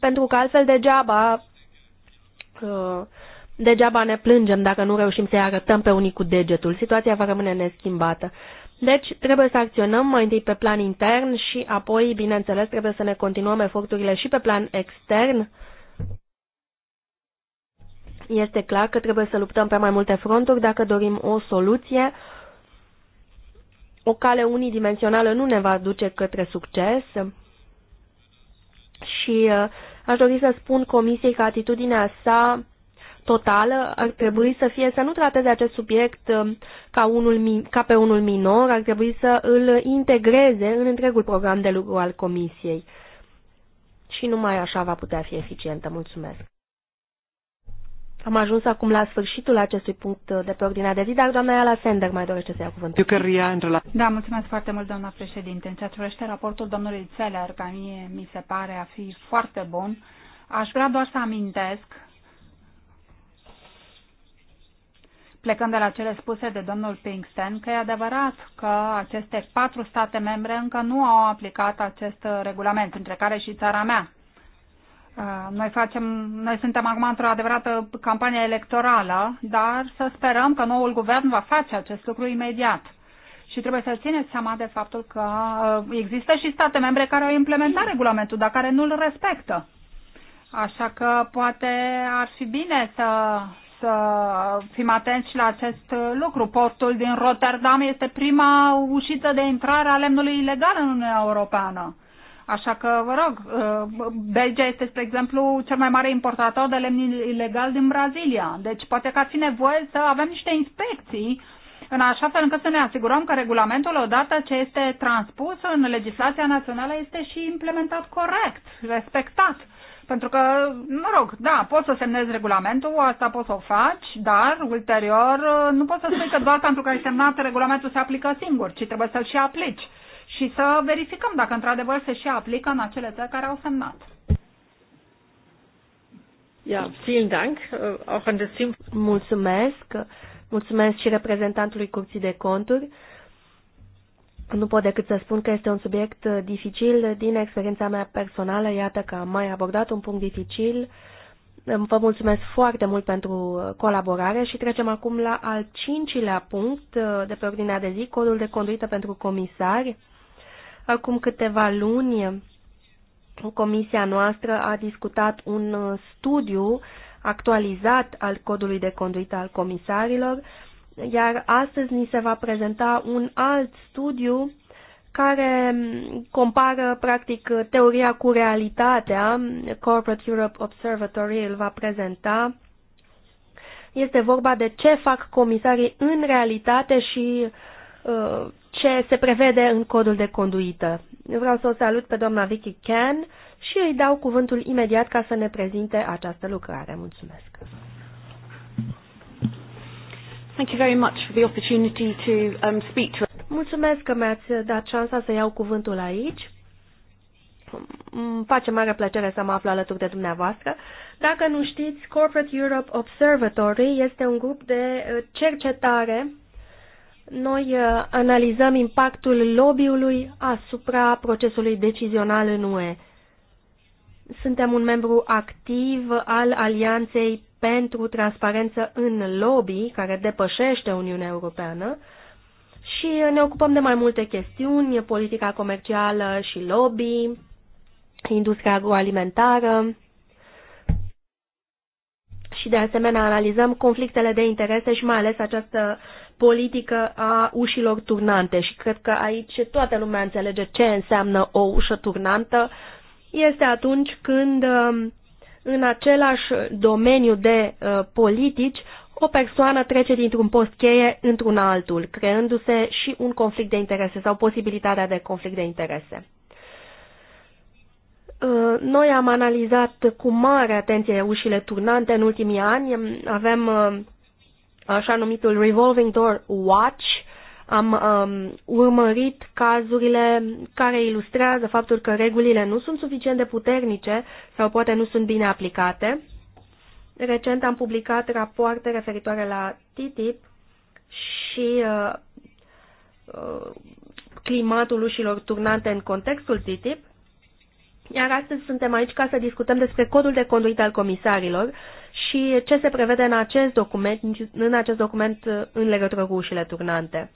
Pentru că altfel degeaba, uh, degeaba ne plângem dacă nu reușim să-i arătăm pe unii cu degetul. Situația va rămâne neschimbată. Deci trebuie să acționăm mai întâi pe plan intern și apoi, bineînțeles, trebuie să ne continuăm eforturile și pe plan extern este clar că trebuie să luptăm pe mai multe fronturi dacă dorim o soluție. O cale unidimensională nu ne va duce către succes și uh, aș dori să spun Comisiei că atitudinea sa totală ar trebui să fie să nu trateze acest subiect uh, ca, unul, ca pe unul minor, ar trebui să îl integreze în întregul program de lucru al Comisiei. Și numai așa va putea fi eficientă. Mulțumesc! Am ajuns acum la sfârșitul acestui punct de pe ordinea de zi, dar doamna Iala Sender mai dorește să ia cuvântul. Eu căria în relație. Da, mulțumesc foarte mult, doamna președinte. În ceea ce privește raportul domnului Țeler, ca mie mi se pare a fi foarte bun, aș vrea doar să amintesc plecând de la cele spuse de domnul Pinkston, că e adevărat că aceste patru state membre încă nu au aplicat acest regulament, între care și țara mea. Noi, facem, noi suntem acum într-o adevărată campanie electorală, dar să sperăm că noul guvern va face acest lucru imediat. Și trebuie să țineți seama de faptul că există și state membre care au implementat regulamentul, dar care nu-l respectă. Așa că poate ar fi bine să, să fim atenți și la acest lucru. Portul din Rotterdam este prima ușită de intrare a lemnului ilegal în Uniunea Europeană. Așa că, vă rog, uh, Belgia este, spre exemplu, cel mai mare importator de lemn ilegal din Brazilia. Deci poate că ar fi nevoie să avem niște inspecții în așa fel încât să ne asigurăm că regulamentul, odată ce este transpus în legislația națională, este și implementat corect, respectat. Pentru că, mă rog, da, poți să semnezi regulamentul, asta poți să o faci, dar ulterior nu poți să spui că doar pentru că ai semnat regulamentul se aplică singur, ci trebuie să-l și aplici și să verificăm dacă într-adevăr se și aplică în acele țări care au semnat. Ja, vielen Dank äh, auch an das Team. Mulțumesc. Mulțumesc și reprezentantului Curții de Conturi. Nu pot decât să spun că este un subiect uh, dificil. Din experiența mea personală, iată că am mai abordat un punct dificil. Vă mulțumesc foarte mult pentru uh, colaborare și trecem acum la al cincilea punct uh, de pe ordinea de zi, codul de conduită pentru comisari. Acum câteva luni, comisia noastră a discutat un uh, studiu actualizat al codului de conduită al comisarilor, iar astăzi ni se va prezenta un alt studiu care mm, compară, practic, teoria cu realitatea. Corporate Europe Observatory îl va prezenta. Este vorba de ce fac comisarii în realitate și uh, ce se prevede în codul de conduită. Eu vreau să o salut pe doamna Vicky Ken și îi dau cuvântul imediat ca să ne prezinte această lucrare. Mulțumesc! Thank you very much for the opportunity to um, speak to Mulțumesc că mi-ați dat șansa să iau cuvântul aici. Îmi face mare plăcere să mă aflu alături de dumneavoastră. Dacă nu știți, Corporate Europe Observatory este un grup de uh, cercetare noi uh, analizăm impactul lobby-ului asupra procesului decizional în UE. Suntem un membru activ al Alianței pentru Transparență în Lobby, care depășește Uniunea Europeană, și ne ocupăm de mai multe chestiuni, politica comercială și lobby, industria agroalimentară și de asemenea analizăm conflictele de interese și mai ales această politică a ușilor turnante și cred că aici toată lumea înțelege ce înseamnă o ușă turnantă. Este atunci când um, în același domeniu de uh, politici o persoană trece dintr-un post cheie într-un altul, creându-se și un conflict de interese sau posibilitatea de conflict de interese. Uh, noi am analizat cu mare atenție ușile turnante în ultimii ani. Avem uh, așa numitul Revolving Door Watch, am um, urmărit cazurile care ilustrează faptul că regulile nu sunt suficient de puternice sau poate nu sunt bine aplicate. Recent am publicat rapoarte referitoare la TTIP și uh, uh, climatul ușilor turnante în contextul TTIP. Iar astăzi suntem aici ca să discutăm despre codul de conduită al comisarilor și ce se prevede în acest document, în, acest document în legătură cu ușile turnante.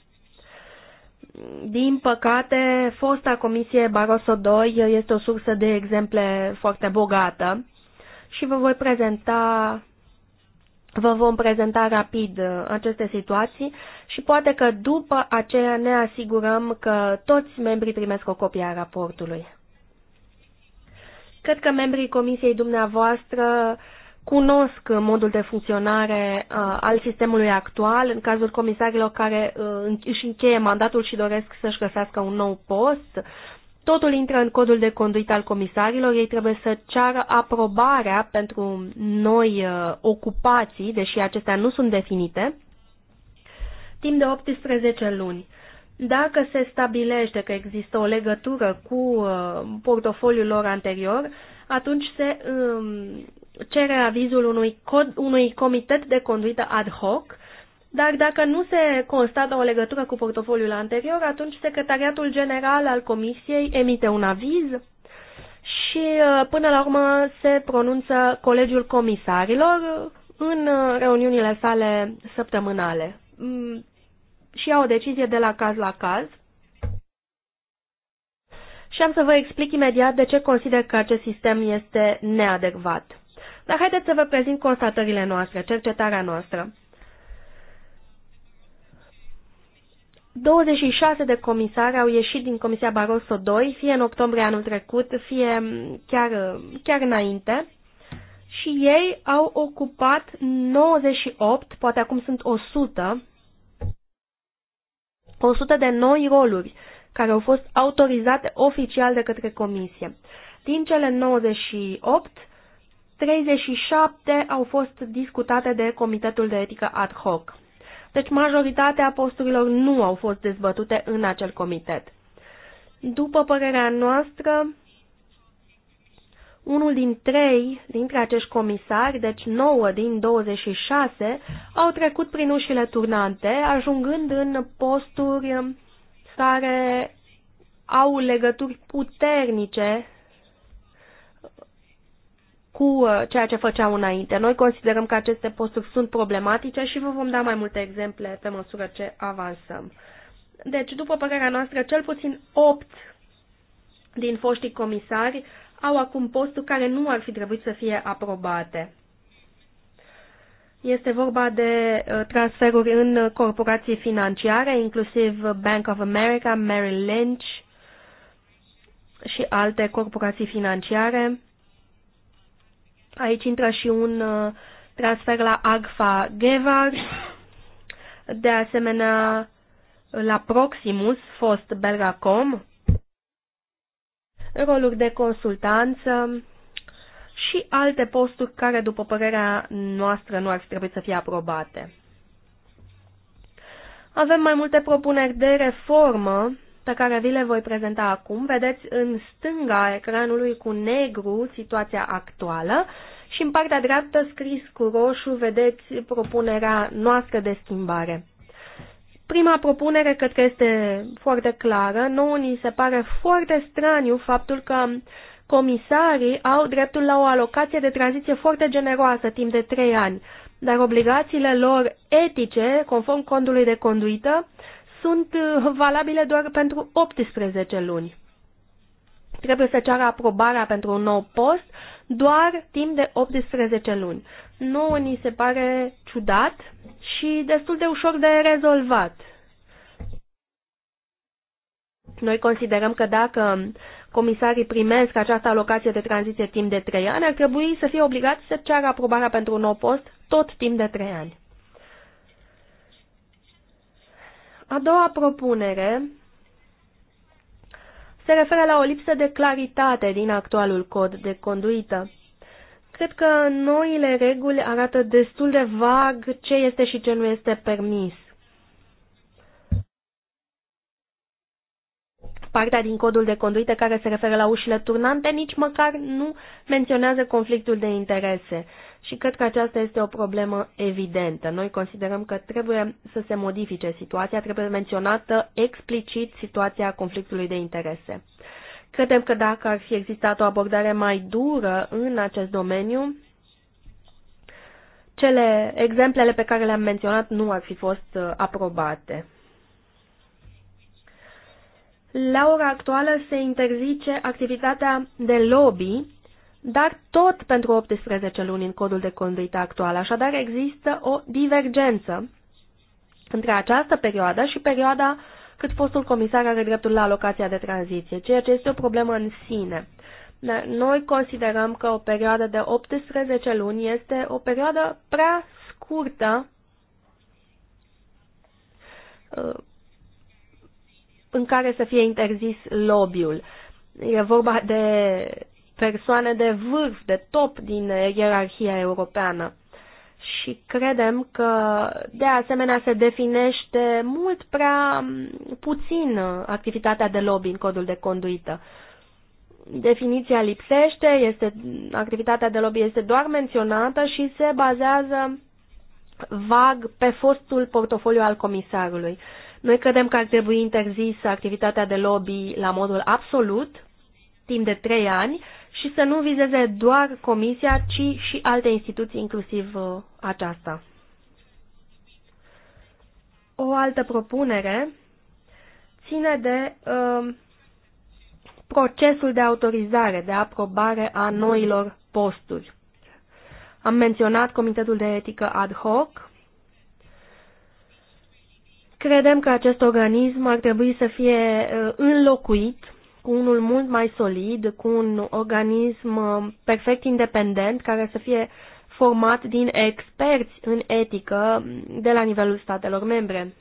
Din păcate, fosta comisie Barroso II este o sursă de exemple foarte bogată și vă voi prezenta vă vom prezenta rapid uh, aceste situații și poate că după aceea ne asigurăm că toți membrii primesc o copie a raportului. Cred că membrii comisiei dumneavoastră cunosc modul de funcționare uh, al sistemului actual în cazul comisarilor care uh, își încheie mandatul și doresc să-și găsească un nou post. Totul intră în codul de conduită al comisarilor, ei trebuie să ceară aprobarea pentru noi uh, ocupații, deși acestea nu sunt definite, timp de 18 luni. Dacă se stabilește că există o legătură cu portofoliul lor anterior, atunci se um, cere avizul unui, cod, unui comitet de conduită ad hoc, dar dacă nu se constată o legătură cu portofoliul anterior, atunci Secretariatul General al Comisiei emite un aviz și uh, până la urmă se pronunță Colegiul Comisarilor în uh, reuniunile sale săptămânale mm, și ia o decizie de la caz la caz. Și am să vă explic imediat de ce consider că acest sistem este neadecvat. Dar haideți să vă prezint constatările noastre, cercetarea noastră. 26 de comisari au ieșit din Comisia Barroso 2, fie în octombrie anul trecut, fie mm, chiar, chiar înainte, și ei au ocupat 98, poate acum sunt 100, 100 de noi roluri care au fost autorizate oficial de către Comisie. Din cele 98, 37 au fost discutate de Comitetul de Etică Ad Hoc. Deci majoritatea posturilor nu au fost dezbătute în acel comitet. După părerea noastră, unul din trei dintre acești comisari, deci 9 din 26, au trecut prin ușile turnante, ajungând în posturi care au legături puternice cu uh, ceea ce făceau înainte. Noi considerăm că aceste posturi sunt problematice și vă vom da mai multe exemple pe măsură ce avansăm. Deci, după părerea noastră, cel puțin 8 din foștii comisari au acum posturi care nu ar fi trebuit să fie aprobate. Este vorba de uh, transferuri în corporații financiare, inclusiv Bank of America, Merrill Lynch și alte corporații financiare. Aici intră și un uh, transfer la Agfa Gevar, de asemenea la Proximus, fost Belgacom, roluri de consultanță și alte posturi care, după părerea noastră, nu ar trebui să fie aprobate. Avem mai multe propuneri de reformă pe care vi le voi prezenta acum. Vedeți în stânga ecranului cu negru situația actuală și în partea dreaptă scris cu roșu vedeți propunerea noastră de schimbare. Prima propunere cred că este foarte clară. Nouă ni se pare foarte straniu faptul că comisarii au dreptul la o alocație de tranziție foarte generoasă timp de trei ani, dar obligațiile lor etice, conform condului de conduită, sunt uh, valabile doar pentru 18 luni. Trebuie să ceară aprobarea pentru un nou post doar timp de 18 luni. Nu ni se pare ciudat și destul de ușor de rezolvat. Noi considerăm că dacă comisarii primesc această alocație de tranziție timp de 3 ani, ar trebui să fie obligați să ceară aprobarea pentru un nou post tot timp de 3 ani. A doua propunere se referă la o lipsă de claritate din actualul cod de conduită. Cred că noile reguli arată destul de vag ce este și ce nu este permis. Partea din codul de conduită care se referă la ușile turnante nici măcar nu menționează conflictul de interese și cred că aceasta este o problemă evidentă. Noi considerăm că trebuie să se modifice situația, trebuie menționată explicit situația conflictului de interese. Credem că dacă ar fi existat o abordare mai dură în acest domeniu, cele exemplele pe care le-am menționat nu ar fi fost uh, aprobate. La ora actuală se interzice activitatea de lobby dar tot pentru 18 luni în codul de conduită actual. Așadar, există o divergență între această perioadă și perioada cât fostul comisar are dreptul la alocația de tranziție, ceea ce este o problemă în sine. Dar noi considerăm că o perioadă de 18 luni este o perioadă prea scurtă uh, în care să fie interzis lobby-ul. E vorba de persoane de vârf, de top din ierarhia europeană. Și credem că, de asemenea, se definește mult prea puțin activitatea de lobby în codul de conduită. Definiția lipsește, este, activitatea de lobby este doar menționată și se bazează vag pe fostul portofoliu al comisarului. Noi credem că ar trebui interzisă activitatea de lobby la modul absolut, timp de trei ani, și să nu vizeze doar Comisia, ci și alte instituții, inclusiv uh, aceasta. O altă propunere ține de uh, procesul de autorizare, de aprobare a noilor posturi. Am menționat Comitetul de Etică Ad hoc. Credem că acest organism ar trebui să fie uh, înlocuit cu unul mult mai solid, cu un organism uh, perfect independent care să fie format din experți în etică de la nivelul statelor membre.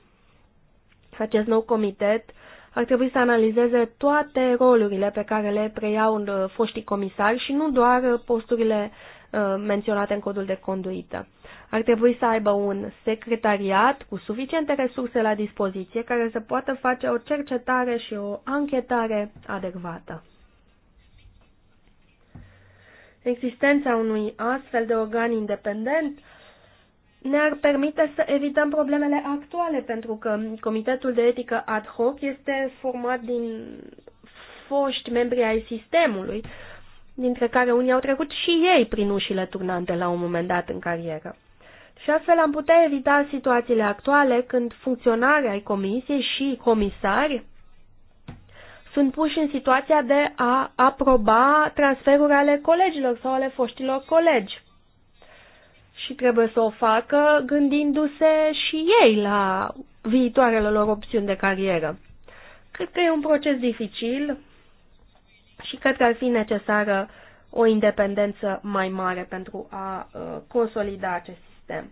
Acest nou comitet ar trebui să analizeze toate rolurile pe care le preiau uh, foștii comisari și nu doar posturile uh, menționate în codul de conduită ar trebui să aibă un secretariat cu suficiente resurse la dispoziție care să poată face o cercetare și o anchetare adecvată. Existența unui astfel de organ independent ne-ar permite să evităm problemele actuale, pentru că Comitetul de Etică Ad Hoc este format din foști membri ai sistemului, dintre care unii au trecut și ei prin ușile turnante la un moment dat în carieră. Și astfel am putea evita situațiile actuale când funcționari ai comisiei și comisari sunt puși în situația de a aproba transferuri ale colegilor sau ale foștilor colegi. Și trebuie să o facă gândindu-se și ei la viitoarele lor opțiuni de carieră. Cred că e un proces dificil și cred că ar fi necesară o independență mai mare pentru a uh, consolida acest sistem.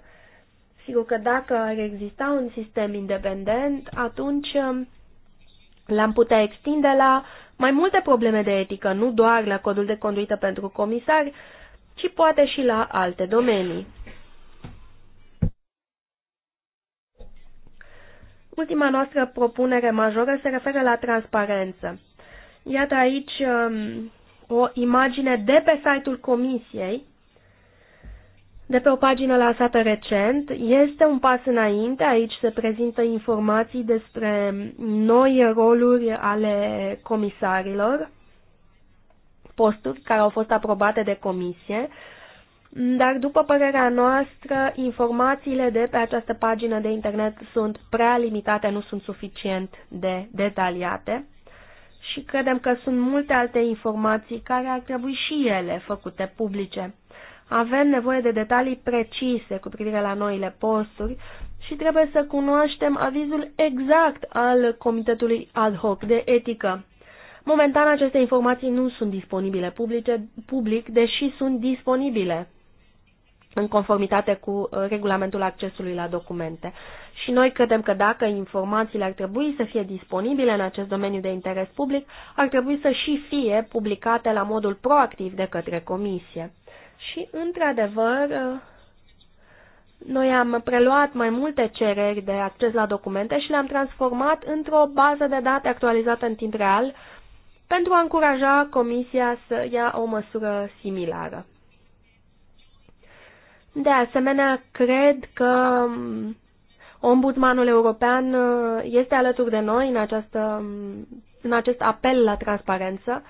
Sigur că dacă ar exista un sistem independent, atunci um, l-am putea extinde la mai multe probleme de etică, nu doar la codul de conduită pentru comisari, ci poate și la alte domenii. Ultima noastră propunere majoră se referă la transparență. Iată aici um, o imagine de pe site-ul comisiei de pe o pagină lansată recent. Este un pas înainte, aici se prezintă informații despre noi roluri ale comisarilor, posturi care au fost aprobate de comisie, dar după părerea noastră, informațiile de pe această pagină de internet sunt prea limitate, nu sunt suficient de detaliate și credem că sunt multe alte informații care ar trebui și ele făcute publice. Avem nevoie de detalii precise cu privire la noile posturi și trebuie să cunoaștem avizul exact al Comitetului Ad Hoc de Etică. Momentan aceste informații nu sunt disponibile publice, public, deși sunt disponibile în conformitate cu uh, regulamentul accesului la documente. Și noi credem că dacă informațiile ar trebui să fie disponibile în acest domeniu de interes public, ar trebui să și fie publicate la modul proactiv de către comisie. Și, într-adevăr, uh, noi am preluat mai multe cereri de acces la documente și le-am transformat într-o bază de date actualizată în timp real pentru a încuraja Comisia să ia o măsură similară. De asemenea, cred că um, Ombudsmanul European uh, este alături de noi în, această, um, în acest apel la transparență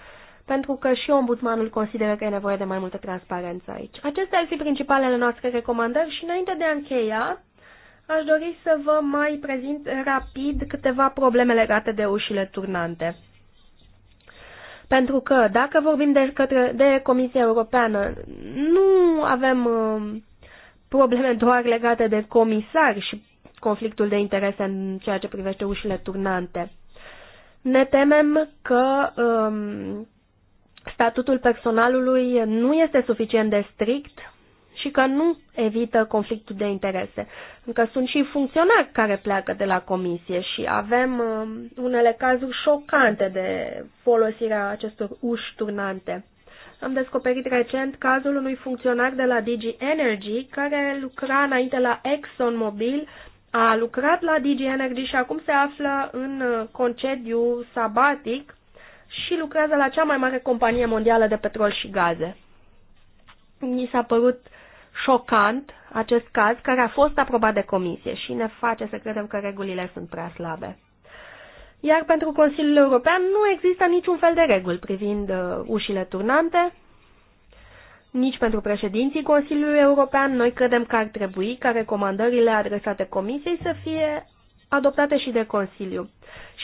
pentru că și ombudsmanul consideră că e nevoie de mai multă transparență aici. Acestea ar fi principalele noastre recomandări și înainte de a încheia, aș dori să vă mai prezint rapid câteva probleme legate de ușile turnante. Pentru că dacă vorbim de, către, de Comisia Europeană, nu avem um, probleme doar legate de comisari și conflictul de interese în ceea ce privește ușile turnante. Ne temem că um, statutul personalului nu este suficient de strict și că nu evită conflictul de interese. Încă sunt și funcționari care pleacă de la comisie și avem uh, unele cazuri șocante de folosirea acestor uși turnante. Am descoperit recent cazul unui funcționar de la Digi Energy care lucra înainte la ExxonMobil, a lucrat la Digi Energy și acum se află în uh, concediu sabatic și lucrează la cea mai mare companie mondială de petrol și gaze. Mi s-a părut șocant acest caz care a fost aprobat de comisie și ne face să credem că regulile sunt prea slabe. Iar pentru Consiliul European nu există niciun fel de reguli privind uh, ușile turnante, nici pentru președinții Consiliului European. Noi credem că ar trebui ca recomandările adresate Comisiei să fie adoptate și de Consiliu.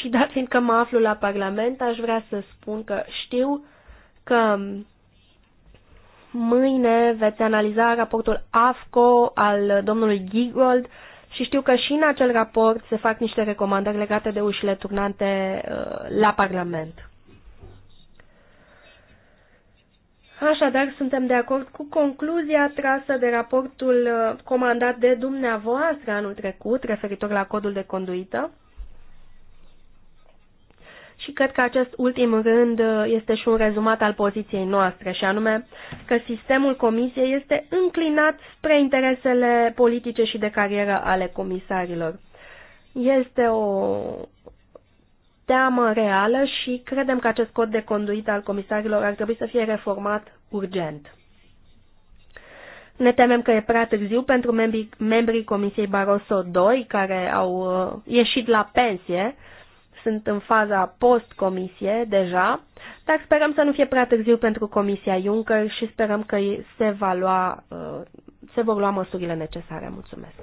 Și dat fiindcă mă aflu la Parlament, aș vrea să spun că știu că mâine veți analiza raportul AFCO al domnului Gigold și știu că și în acel raport se fac niște recomandări legate de ușile turnante uh, la Parlament. Așadar, suntem de acord cu concluzia trasă de raportul uh, comandat de dumneavoastră anul trecut, referitor la codul de conduită. Și cred că acest ultim rând uh, este și un rezumat al poziției noastre, și anume că sistemul comisiei este înclinat spre interesele politice și de carieră ale comisarilor. Este o teamă reală și credem că acest cod de conduită al comisarilor ar trebui să fie reformat urgent. Ne temem că e prea târziu pentru membrii, membrii Comisiei Barroso II, care au uh, ieșit la pensie, sunt în faza post-comisie deja, dar sperăm să nu fie prea târziu pentru Comisia Juncker și sperăm că se, va lua, uh, se vor lua măsurile necesare. Mulțumesc!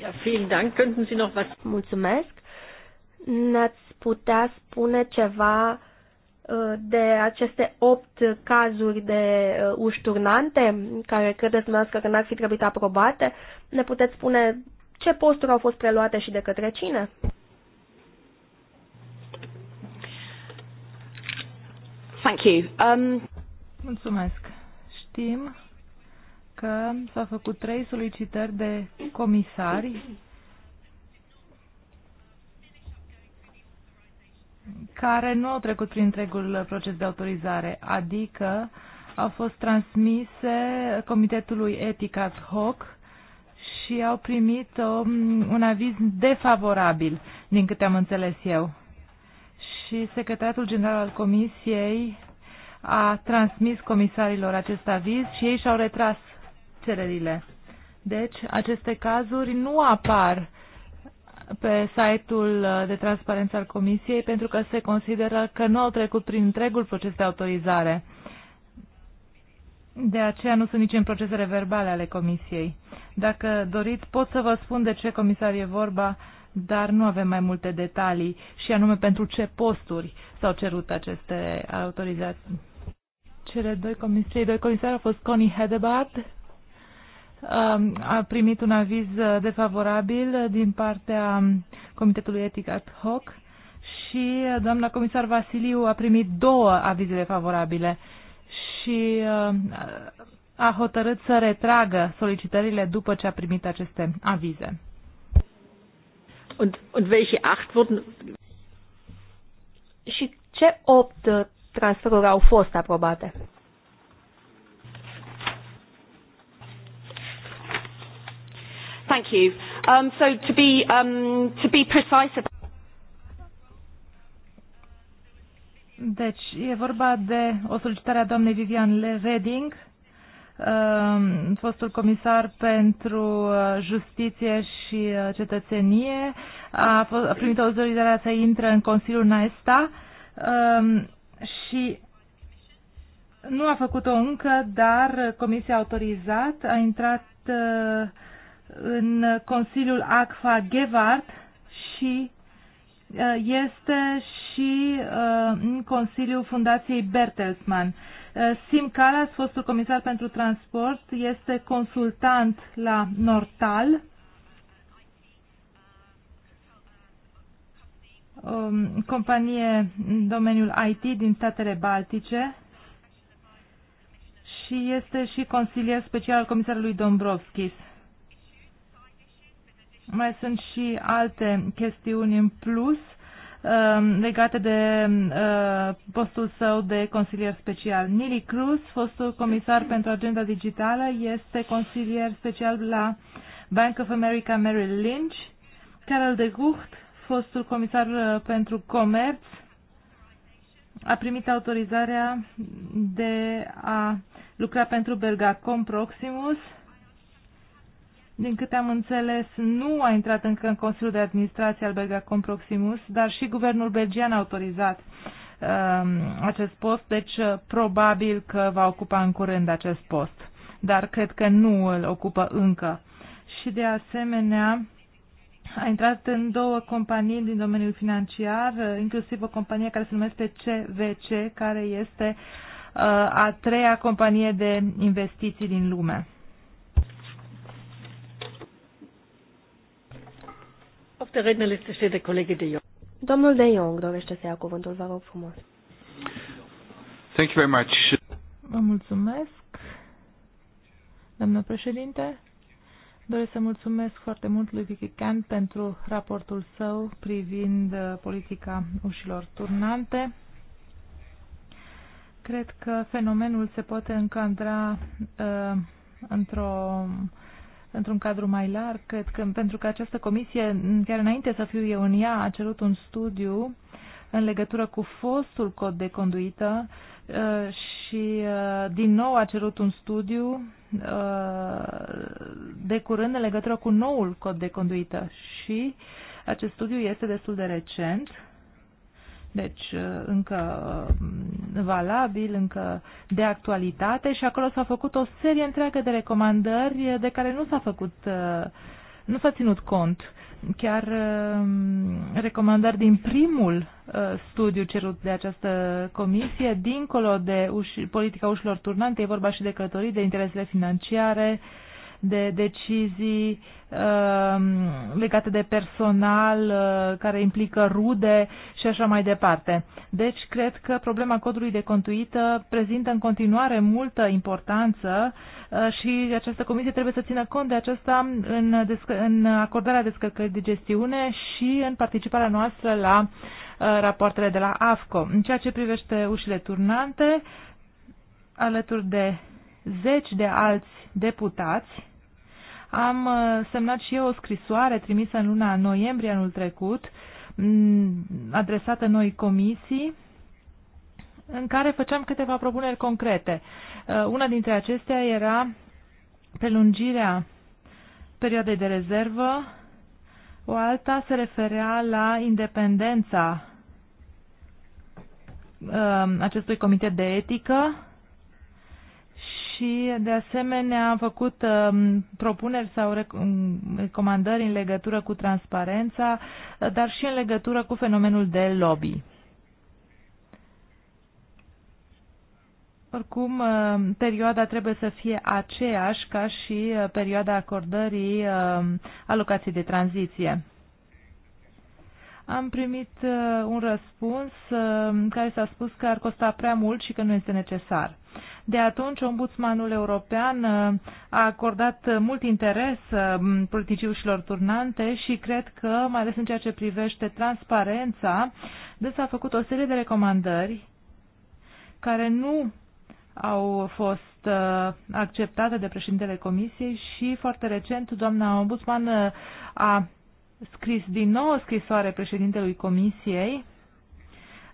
Ja, vielen Dank. Könnten Sie noch was? Mulțumesc! Ne-ați putea spune ceva uh, de aceste opt cazuri de uh, ușturnante, care credeți dumneavoastră că n-ar fi trebuit aprobate? Ne puteți spune ce posturi au fost preluate și de către cine? Thank you. Um... Mulțumesc. Știm că s-au făcut trei solicitări de comisari care nu au trecut prin întregul proces de autorizare, adică au fost transmise Comitetului Etic ad hoc și au primit o, um, un aviz defavorabil, din câte am înțeles eu. Și Secretariatul General al Comisiei a transmis comisarilor acest aviz și ei și-au retras cererile. Deci, aceste cazuri nu apar pe site-ul uh, de transparență al Comisiei pentru că se consideră că nu au trecut prin întregul proces de autorizare. De aceea nu sunt nici în procesele verbale ale Comisiei. Dacă doriți, pot să vă spun de ce comisar e vorba, dar nu avem mai multe detalii și anume pentru ce posturi s-au cerut aceste autorizații. Cele doi comisari, cei doi comisari au fost Connie Hedebard Um, a primit un aviz uh, defavorabil uh, din partea Comitetului Etic Ad Hoc și uh, doamna comisar Vasiliu a primit două avize defavorabile și a hotărât să retragă solicitările după ce a primit aceste avize. Und, und welche acht wurden... Și ce opt transferuri au fost aprobate? Thank you. Um, so to be, um, to be precise about Deci, e vorba de o solicitare a doamnei Vivian Reding, um, fostul comisar pentru uh, justiție și uh, cetățenie. A, fost, a primit autorizarea să intre în Consiliul NAESTA um, și nu a făcut-o încă, dar Comisia a autorizat, a intrat uh, în Consiliul ACFA Gevart și uh, este și uh, în Consiliul Fundației Bertelsmann. Uh, Sim Calas, fostul comisar pentru transport, este consultant la Nortal, um, companie în domeniul IT din statele Baltice și este și consilier special al comisarului Dombrovskis. Mai sunt și alte chestiuni în plus um, legate de uh, postul său de consilier special. Nili Cruz, fostul comisar pentru agenda digitală, este consilier special la Bank of America Merrill Lynch. Carol de Gucht, fostul comisar uh, pentru comerț, a primit autorizarea de a lucra pentru Belgacom Proximus, din câte am înțeles, nu a intrat încă în Consiliul de Administrație al Belga Comproximus, dar și guvernul belgian a autorizat um, acest post, deci uh, probabil că va ocupa în curând acest post, dar cred că nu îl ocupă încă. Și de asemenea, a intrat în două companii din domeniul financiar, uh, inclusiv o companie care se numește CVC, care este uh, a treia companie de investiții din lume. der Rednerliste steht der Kollege de Jong. Domnul de Jong dorește să ia cuvântul, vă rog frumos. Thank you very much. Vă mulțumesc, doamnă președinte. Doresc să mulțumesc foarte mult lui Vicky Can pentru raportul său privind uh, politica ușilor turnante. Cred că fenomenul se poate încadra uh, într-o într-un cadru mai larg, cred că, pentru că această comisie, chiar înainte să fiu eu în ea, a cerut un studiu în legătură cu fostul cod de conduită uh, și uh, din nou a cerut un studiu uh, de curând în legătură cu noul cod de conduită și acest studiu este destul de recent deci uh, încă uh, valabil, încă de actualitate și acolo s-a făcut o serie întreagă de recomandări de care nu s-a făcut, uh, nu s-a ținut cont. Chiar recomandări din primul studiu cerut de această comisie, dincolo de uși, politica ușilor turnante, e vorba și de călătorii, de interesele financiare, de decizii uh, legate de personal uh, care implică rude și așa mai departe. Deci cred că problema codului de conduită prezintă în continuare multă importanță uh, și această comisie trebuie să țină cont de aceasta în, în acordarea descărcării de gestiune și în participarea noastră la uh, rapoartele de la AFCO. În ceea ce privește ușile turnante, alături de zeci de alți deputați, am uh, semnat și eu o scrisoare trimisă în luna noiembrie anul trecut, adresată noi comisii, în care făceam câteva propuneri concrete. Uh, una dintre acestea era prelungirea perioadei de rezervă, o alta se referea la independența uh, acestui comitet de etică și, de asemenea, am făcut um, propuneri sau um, recomandări în legătură cu transparența, uh, dar și în legătură cu fenomenul de lobby. Oricum, uh, perioada trebuie să fie aceeași ca și uh, perioada acordării um, alocației de tranziție. Am primit un răspuns care s-a spus că ar costa prea mult și că nu este necesar. De atunci, ombudsmanul european uh, a acordat mult interes uh, politicii turnante și cred că, mai ales în ceea ce privește transparența, des a făcut o serie de recomandări care nu au fost uh, acceptate de președintele Comisiei și foarte recent doamna ombudsman a scris din nou o scrisoare președintelui Comisiei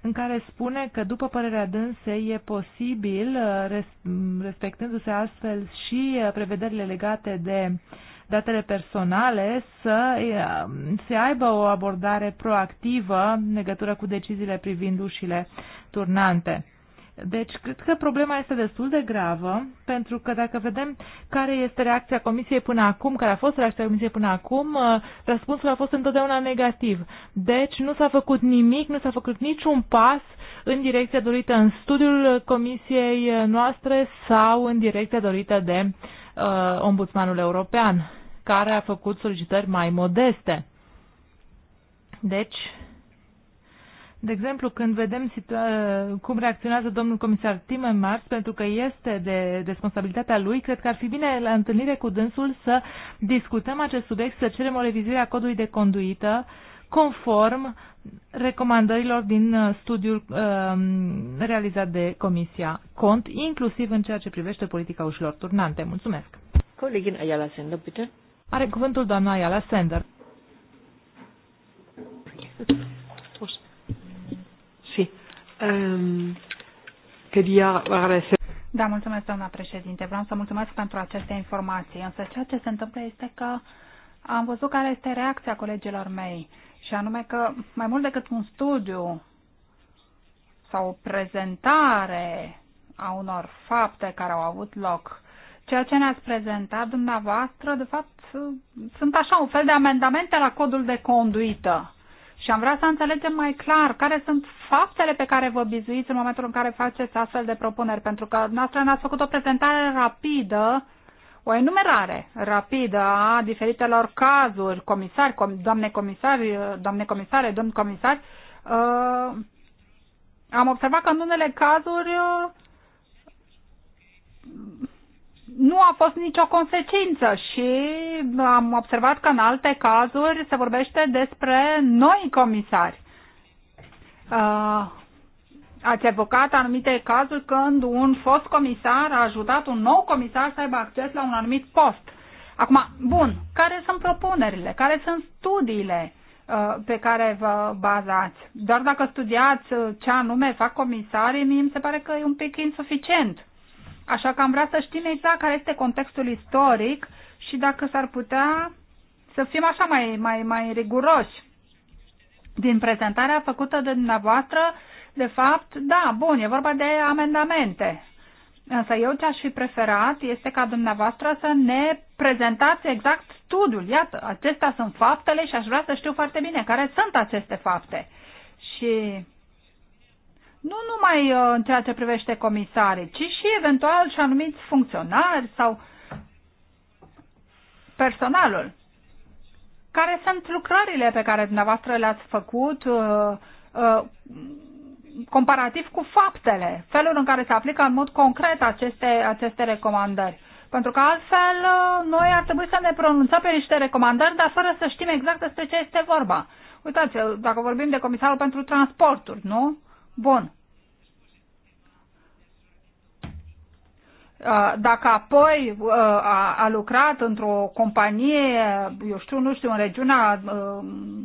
în care spune că, după părerea dânsei, e posibil, uh, mm, respectându-se astfel și uh, prevederile legate de datele personale, să um, se aibă o abordare proactivă în legătură cu deciziile privind ușile turnante. Deci, cred că problema este destul de gravă, pentru că dacă vedem care este reacția Comisiei până acum, care a fost reacția Comisiei până acum, uh, răspunsul a fost întotdeauna negativ. Deci, nu s-a făcut nimic, nu s-a făcut niciun pas în direcția dorită în studiul Comisiei noastre sau în direcția dorită de uh, Ombudsmanul European, care a făcut solicitări mai modeste. Deci, de exemplu, când vedem cum reacționează domnul comisar Timmermans, pentru că este de responsabilitatea lui, cred că ar fi bine la întâlnire cu dânsul să discutăm acest subiect, să cerem o revizuire a codului de conduită conform recomandărilor din uh, studiul uh, realizat de Comisia Cont, inclusiv în ceea ce privește politica ușilor turnante. Mulțumesc! Colegin Ayala Sender, bitte. Are cuvântul doamna Ayala Sender. Um, da, mulțumesc, doamna președinte. Vreau să mulțumesc pentru aceste informații. Însă ceea ce se întâmplă este că am văzut care este reacția colegilor mei și anume că mai mult decât un studiu sau o prezentare a unor fapte care au avut loc, ceea ce ne-ați prezentat dumneavoastră, de fapt, sunt așa un fel de amendamente la codul de conduită. Și am vrea să înțelegem mai clar care sunt faptele pe care vă bizuiți în momentul în care faceți astfel de propuneri, pentru că noastră ne-ați făcut o prezentare rapidă, o enumerare rapidă a diferitelor cazuri, comisari, com, doamne comisari, doamne comisare, domn comisari. Uh, am observat că în unele cazuri uh, nu a fost nicio consecință și am observat că în alte cazuri se vorbește despre noi comisari. Uh, ați evocat anumite cazuri când un fost comisar a ajutat un nou comisar să aibă acces la un anumit post. Acum, bun, care sunt propunerile? Care sunt studiile uh, pe care vă bazați? Doar dacă studiați uh, ce anume fac comisarii, mie mi se pare că e un pic insuficient. Așa că am vrea să știm exact care este contextul istoric și dacă s-ar putea să fim așa mai, mai, mai riguroși. Din prezentarea făcută de dumneavoastră, de fapt, da, bun, e vorba de amendamente. Însă eu ce aș fi preferat este ca dumneavoastră să ne prezentați exact studiul. Iată, acestea sunt faptele și aș vrea să știu foarte bine care sunt aceste fapte. Și nu numai uh, în ceea ce privește comisare, ci și eventual și anumiți funcționari sau personalul. Care sunt lucrările pe care dumneavoastră le-ați făcut uh, uh, comparativ cu faptele, felul în care se aplică în mod concret aceste, aceste recomandări? Pentru că altfel uh, noi ar trebui să ne pronunțăm pe niște recomandări, dar fără să știm exact despre ce este vorba. Uitați, uh, dacă vorbim de comisarul pentru transporturi, nu? Bun. Dacă apoi a lucrat într-o companie, eu știu, nu știu, în regiunea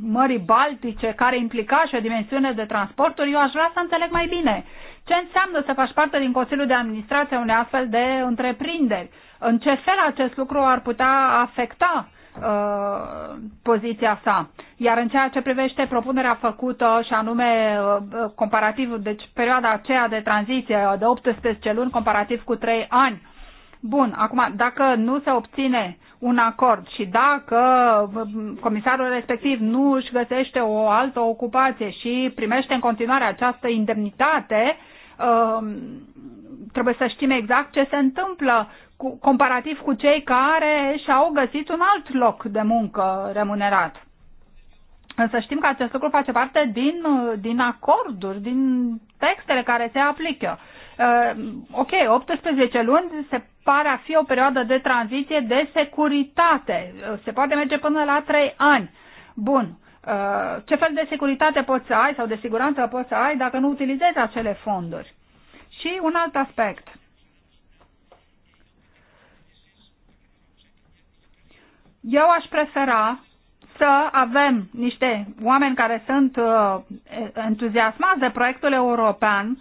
Mării Baltice, care implica și o dimensiune de transporturi, eu aș vrea să înțeleg mai bine. Ce înseamnă să faci parte din Consiliul de Administrație a unei astfel de întreprinderi? În ce fel acest lucru ar putea afecta uh, uh, poziția sa. Iar în ceea ce privește propunerea făcută și anume uh, comparativ, deci perioada aceea de tranziție de 18 luni comparativ cu 3 ani, Bun, acum, dacă nu se obține un acord și dacă uh, comisarul respectiv nu își găsește o altă ocupație și primește în continuare această indemnitate, uh, trebuie să știm exact ce se întâmplă cu, comparativ cu cei care și-au găsit un alt loc de muncă remunerat. Însă știm că acest lucru face parte din, din acorduri, din textele care se aplică. Uh, ok, 18 luni se pare a fi o perioadă de tranziție de securitate. Uh, se poate merge până la 3 ani. Bun. Uh, ce fel de securitate poți să ai sau de siguranță poți să ai dacă nu utilizezi acele fonduri? Și un alt aspect Eu aș prefera să avem niște oameni care sunt uh, entuziasmați de proiectul european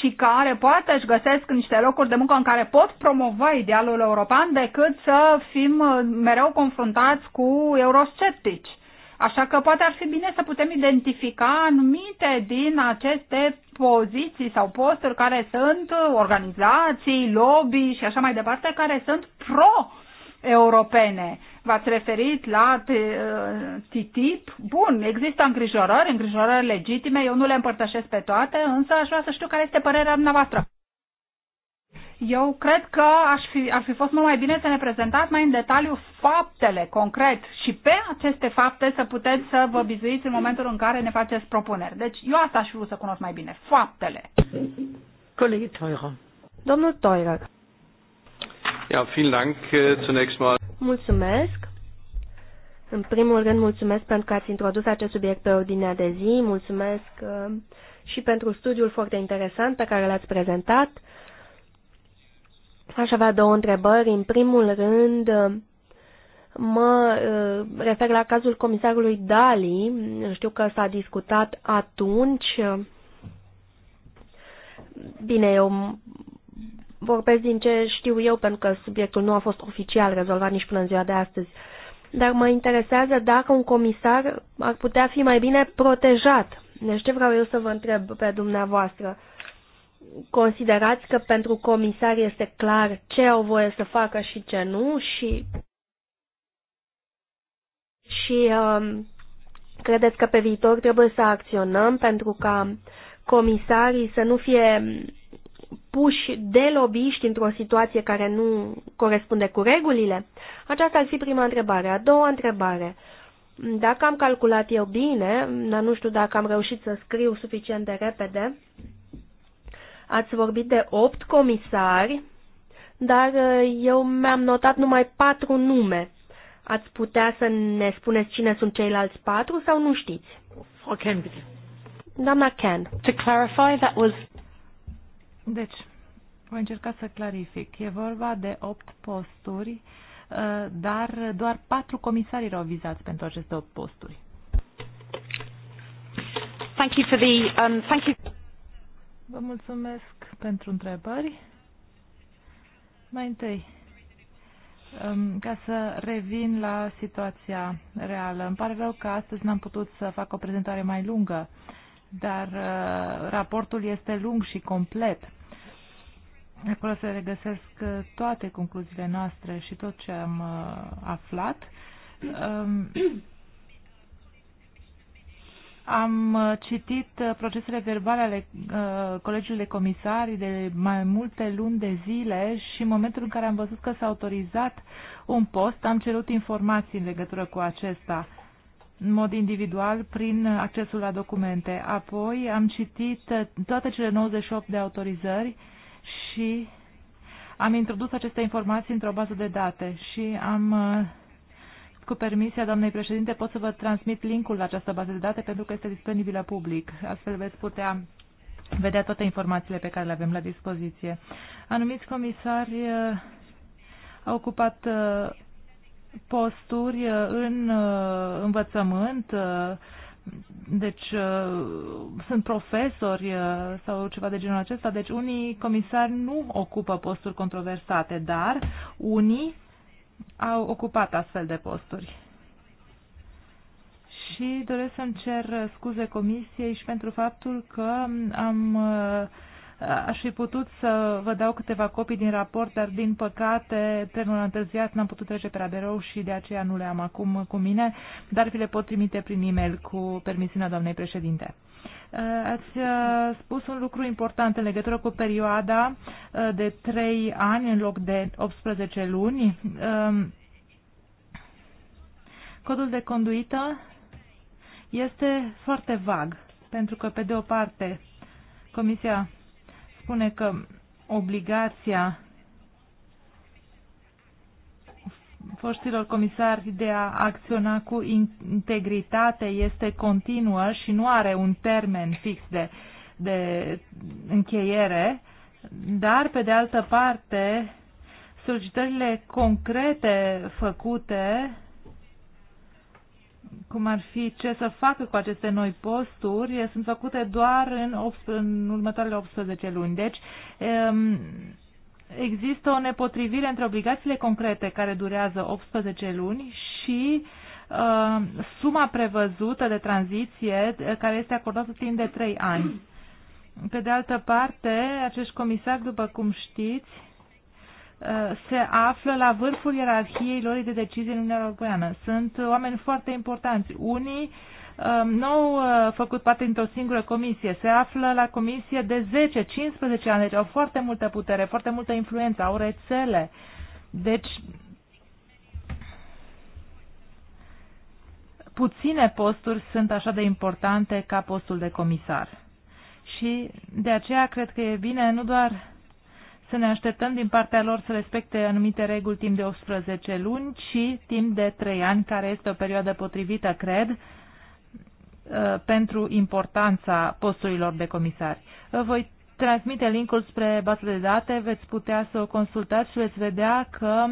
și care poate își găsesc niște locuri de muncă în care pot promova idealul european decât să fim uh, mereu confruntați cu eurosceptici. Așa că poate ar fi bine să putem identifica anumite din aceste poziții sau posturi care sunt uh, organizații, lobby și așa mai departe, care sunt pro europene. V-ați referit la uh, TTIP. Bun, există îngrijorări, îngrijorări legitime, eu nu le împărtășesc pe toate, însă aș vrea să știu care este părerea dumneavoastră. Eu cred că aș fi, ar fi fost mult mai bine să ne prezentați mai în detaliu faptele, concret, și pe aceste fapte să puteți să vă bizuiți în momentul în care ne faceți propuneri. Deci eu asta aș vrea să cunosc mai bine, faptele. Colegii Toiro. Domnul Toiro. Ja, vielen Dank äh, zunächst mal. Mulțumesc. În primul rând, mulțumesc pentru că ați introdus acest subiect pe ordinea de zi, mulțumesc uh, și pentru studiul foarte interesant pe care l-ați prezentat. Aș avea două întrebări. În primul rând, uh, mă uh, refer la cazul comisarului Dali. Știu că s-a discutat atunci. Bine, eu vorbesc din ce știu eu, pentru că subiectul nu a fost oficial rezolvat nici până în ziua de astăzi. Dar mă interesează dacă un comisar ar putea fi mai bine protejat. Deci ce vreau eu să vă întreb pe dumneavoastră? Considerați că pentru comisar este clar ce au voie să facă și ce nu și, și um, credeți că pe viitor trebuie să acționăm pentru ca comisarii să nu fie puși de lobiști într-o situație care nu corespunde cu regulile? Aceasta ar fi prima întrebare. A doua întrebare. Dacă am calculat eu bine, dar nu știu dacă am reușit să scriu suficient de repede, ați vorbit de opt comisari, dar uh, eu mi-am notat numai patru nume. Ați putea să ne spuneți cine sunt ceilalți patru sau nu știți? Doamna Ken. To clarify, that was... Deci, voi încerca să clarific. E vorba de 8 posturi, uh, dar doar 4 comisari erau vizați pentru aceste 8 posturi. Thank you for the, um, thank you. Vă mulțumesc pentru întrebări. Mai întâi, um, ca să revin la situația reală. Îmi pare rău că astăzi n-am putut să fac o prezentare mai lungă, dar uh, raportul este lung și complet. Acolo se regăsesc uh, toate concluziile noastre și tot ce am uh, aflat. Um, am uh, citit procesele verbale ale uh, colegiului de comisari de mai multe luni de zile și în momentul în care am văzut că s-a autorizat un post, am cerut informații în legătură cu acesta în mod individual prin accesul la documente. Apoi am citit toate cele 98 de autorizări și am introdus aceste informații într-o bază de date și am uh, cu permisia doamnei președinte, pot să vă transmit linkul la această bază de date pentru că este disponibilă public. Astfel veți putea vedea toate informațiile pe care le avem la dispoziție. Anumiți comisari uh, au ocupat uh, posturi în învățământ, deci uh, sunt profesori uh, sau ceva de genul acesta, deci unii comisari nu ocupă posturi controversate, dar unii au ocupat astfel de posturi. Și doresc să-mi cer scuze comisiei și pentru faptul că am uh, Uh, aș fi putut să vă dau câteva copii din raport, dar din păcate trenul a întârziat, n-am putut trece pe la și de aceea nu le am acum cu mine, dar vi le pot trimite prin e-mail cu permisiunea doamnei președinte. Uh, ați uh, spus un lucru important în legătură cu perioada de 3 ani în loc de 18 luni. Um, codul de conduită este foarte vag, pentru că, pe de o parte, Comisia spune că obligația foștilor comisari de a acționa cu integritate este continuă și nu are un termen fix de, de încheiere, dar, pe de altă parte, solicitările concrete făcute cum ar fi ce să facă cu aceste noi posturi, sunt făcute doar în, 8, în următoarele 18 luni. Deci, există o nepotrivire între obligațiile concrete care durează 18 luni și uh, suma prevăzută de tranziție care este acordată timp de 3 ani. Pe de altă parte, acești comisari, după cum știți, Uh, se află la vârful ierarhiei lor de decizie în Uniunea Europeană. Sunt oameni foarte importanți. Unii um, nu au uh, făcut parte într o singură comisie, se află la comisie de 10-15 ani, deci au foarte multă putere, foarte multă influență, au rețele. Deci, puține posturi sunt așa de importante ca postul de comisar. Și de aceea cred că e bine nu doar să ne așteptăm din partea lor să respecte anumite reguli timp de 18 luni, ci timp de 3 ani, care este o perioadă potrivită, cred, uh, pentru importanța posturilor de comisari. Voi transmite linkul spre bază de date, veți putea să o consultați și veți vedea că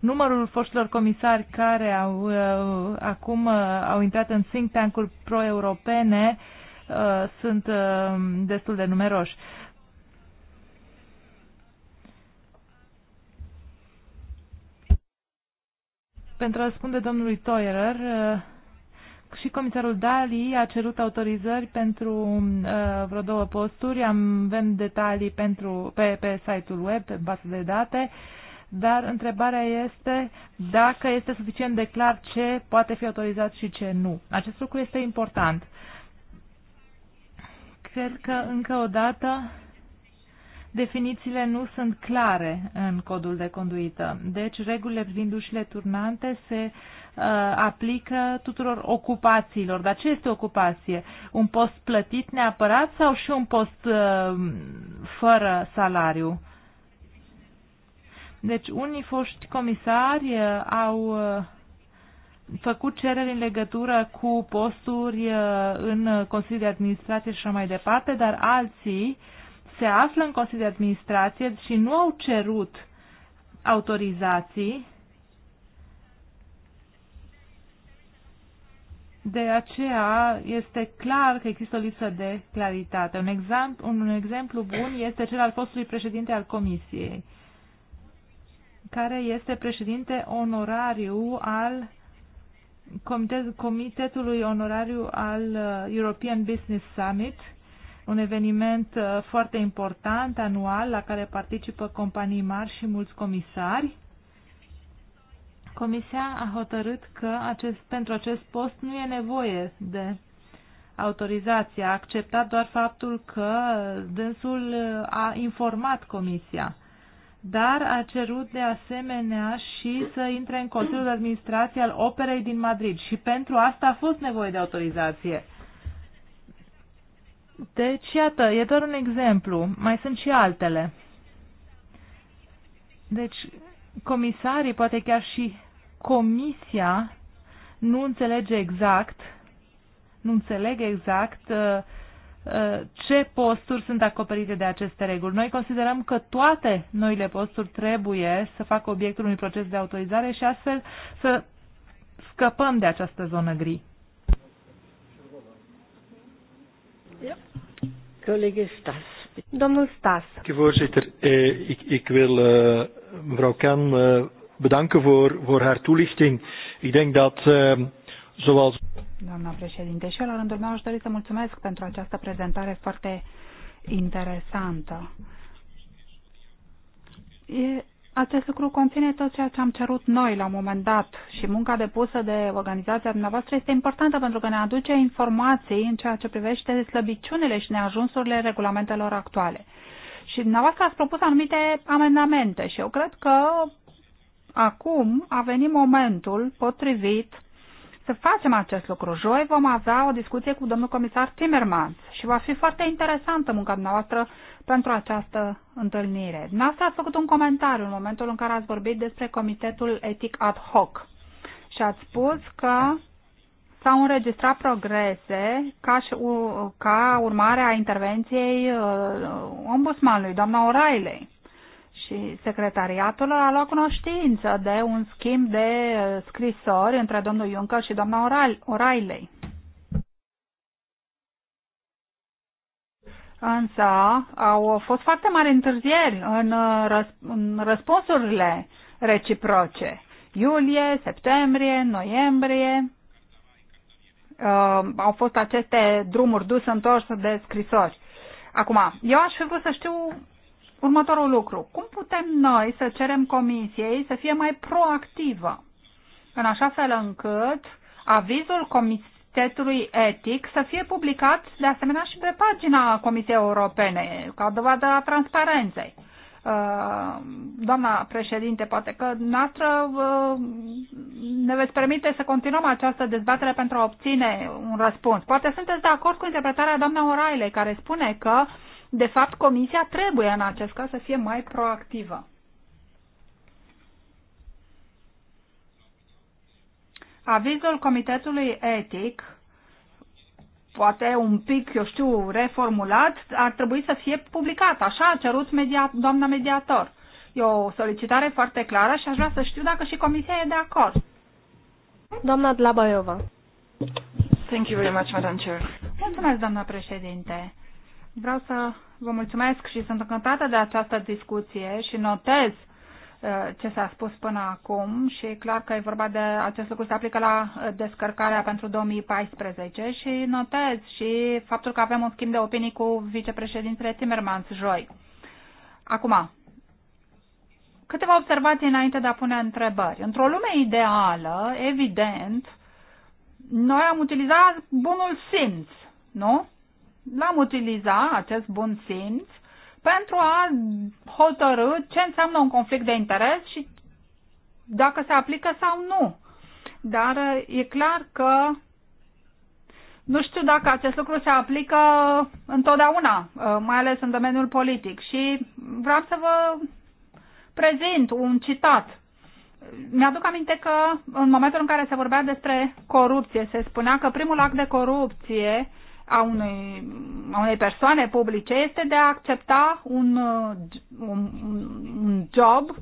numărul foștilor comisari care au, uh, acum uh, au intrat în think tank-uri pro-europene sunt destul de numeroși. Pentru a răspunde domnului Toerer, uh, și comisarul Dali a cerut autorizări pentru uh, vreo două posturi. Am, avem detalii pentru, pe, pe site-ul web, pe bază de date, dar întrebarea este dacă este suficient de clar ce poate fi autorizat și ce nu. Acest lucru este important. Cred că încă o dată Definițiile nu sunt clare în codul de conduită, deci regulile privind ușile turnante se uh, aplică tuturor ocupațiilor. Dar ce este ocupație? Un post plătit neapărat sau și un post uh, fără salariu? Deci unii foști comisari uh, au uh, făcut cereri în legătură cu posturi uh, în Consiliul de Administrație și așa mai departe, dar alții uh, se află în Consiliul de Administrație și nu au cerut autorizații. De aceea este clar că există o lipsă de claritate. Un exemplu, un exemplu bun este cel al fostului președinte al Comisiei, care este președinte onorariu al Comitetului Onorariu al uh, European Business Summit – un eveniment uh, foarte important anual la care participă companii mari și mulți comisari. Comisia a hotărât că acest, pentru acest post nu e nevoie de autorizație. A acceptat doar faptul că dânsul uh, a informat Comisia dar a cerut de asemenea și să intre în Consiliul de Administrație al Operei din Madrid și pentru asta a fost nevoie de autorizație. Deci, iată, e doar un exemplu. Mai sunt și altele. Deci, comisarii, poate chiar și comisia, nu înțelege exact, nu înțeleg exact uh, uh, ce posturi sunt acoperite de aceste reguli. Noi considerăm că toate noile posturi trebuie să facă obiectul unui proces de autorizare și astfel să scăpăm de această zonă gri. Ja. Stas. Domnul Stas. Voorzitter, eh, ik, ik wil uh, mevrouw Kan uh, bedanken voor, voor haar toelichting. Ik denk dat, uh, zoals... Doamna președinte, și la rândul meu aș dori să mulțumesc pentru această prezentare foarte interesantă. E acest lucru conține tot ceea ce am cerut noi la un moment dat și munca depusă de organizația dumneavoastră este importantă pentru că ne aduce informații în ceea ce privește slăbiciunile și neajunsurile regulamentelor actuale. Și dumneavoastră ați propus anumite amendamente și eu cred că acum a venit momentul potrivit să facem acest lucru. Joi vom avea o discuție cu domnul comisar Timmermans și va fi foarte interesantă munca noastră pentru această întâlnire. Noastră ați făcut un comentariu în momentul în care ați vorbit despre Comitetul Etic Ad Hoc și ați spus că s-au înregistrat progrese ca, și, ca urmare a intervenției uh, ombudsmanului, doamna O'Reilly și secretariatul a luat cunoștință de un schimb de uh, scrisori între domnul Juncker și doamna O'Reilly. Însă au fost foarte mari întârzieri în, uh, în răspunsurile reciproce. Iulie, septembrie, noiembrie. Uh, au fost aceste drumuri dus întors de scrisori. Acum, eu aș fi vrut să știu următorul lucru. Cum putem noi să cerem comisiei să fie mai proactivă, în așa fel încât avizul Comitetului Etic să fie publicat de asemenea și pe pagina Comisiei Europene, ca dovadă a transparenței? Uh, doamna președinte, poate că noastră uh, ne veți permite să continuăm această dezbatere pentru a obține un răspuns. Poate sunteți de acord cu interpretarea doamna O'Reilly, care spune că uh, de fapt, Comisia trebuie în acest caz să fie mai proactivă. Avizul Comitetului Etic, poate un pic, eu știu, reformulat, ar trebui să fie publicat. Așa a cerut media, doamna mediator. E o solicitare foarte clară și aș vrea să știu dacă și Comisia e de acord. Doamna Dlabaiova. Thank you very much, Madam Chair. Mulțumesc, doamna președinte. Vreau să vă mulțumesc și sunt încântată de această discuție și notez uh, ce s-a spus până acum și e clar că e vorba de acest lucru se aplică la uh, descărcarea pentru 2014 și notez și faptul că avem un schimb de opinii cu vicepreședintele Timmermans joi. Acum, câteva observații înainte de a pune întrebări. Într-o lume ideală, evident, noi am utilizat bunul simț, nu? l-am utilizat, acest bun simț, pentru a hotărâ ce înseamnă un conflict de interes și dacă se aplică sau nu. Dar uh, e clar că nu știu dacă acest lucru se aplică întotdeauna, uh, mai ales în domeniul politic. Și vreau să vă prezint un citat. Mi-aduc aminte că în momentul în care se vorbea despre corupție, se spunea că primul act de corupție a unei, a unei persoane publice este de a accepta uh, un, un, un job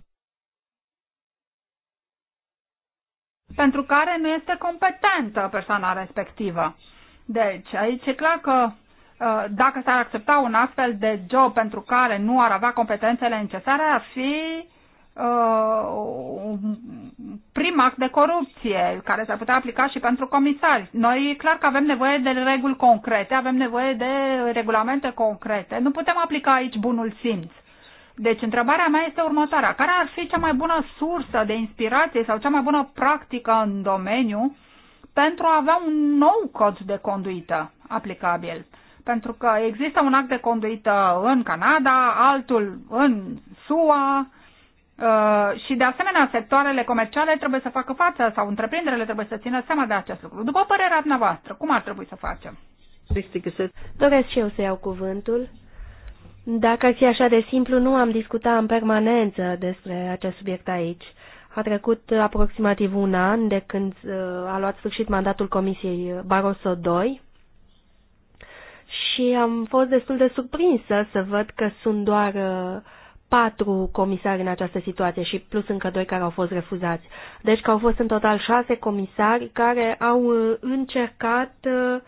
pentru care nu este competentă persoana respectivă. Deci, aici e clar că uh, dacă s-ar accepta un astfel de job pentru care nu ar avea competențele necesare, ar fi Uh, un prim act de corupție care s-ar putea aplica și pentru comisari. Noi clar că avem nevoie de reguli concrete, avem nevoie de regulamente concrete. Nu putem aplica aici bunul simț. Deci întrebarea mea este următoarea. Care ar fi cea mai bună sursă de inspirație sau cea mai bună practică în domeniu pentru a avea un nou cod de conduită aplicabil? Pentru că există un act de conduită în Canada, altul în SUA, Uh, și de asemenea, sectoarele comerciale trebuie să facă față sau întreprinderile trebuie să țină seama de acest lucru. După părerea dumneavoastră, cum ar trebui să facem? Doresc și eu să iau cuvântul. Dacă ar fi așa de simplu, nu am discutat în permanență despre acest subiect aici. A trecut aproximativ un an de când uh, a luat sfârșit mandatul Comisiei Barroso II și am fost destul de surprinsă să văd că sunt doar uh, patru comisari în această situație și plus încă doi care au fost refuzați. Deci că au fost în total șase comisari care au uh, încercat uh,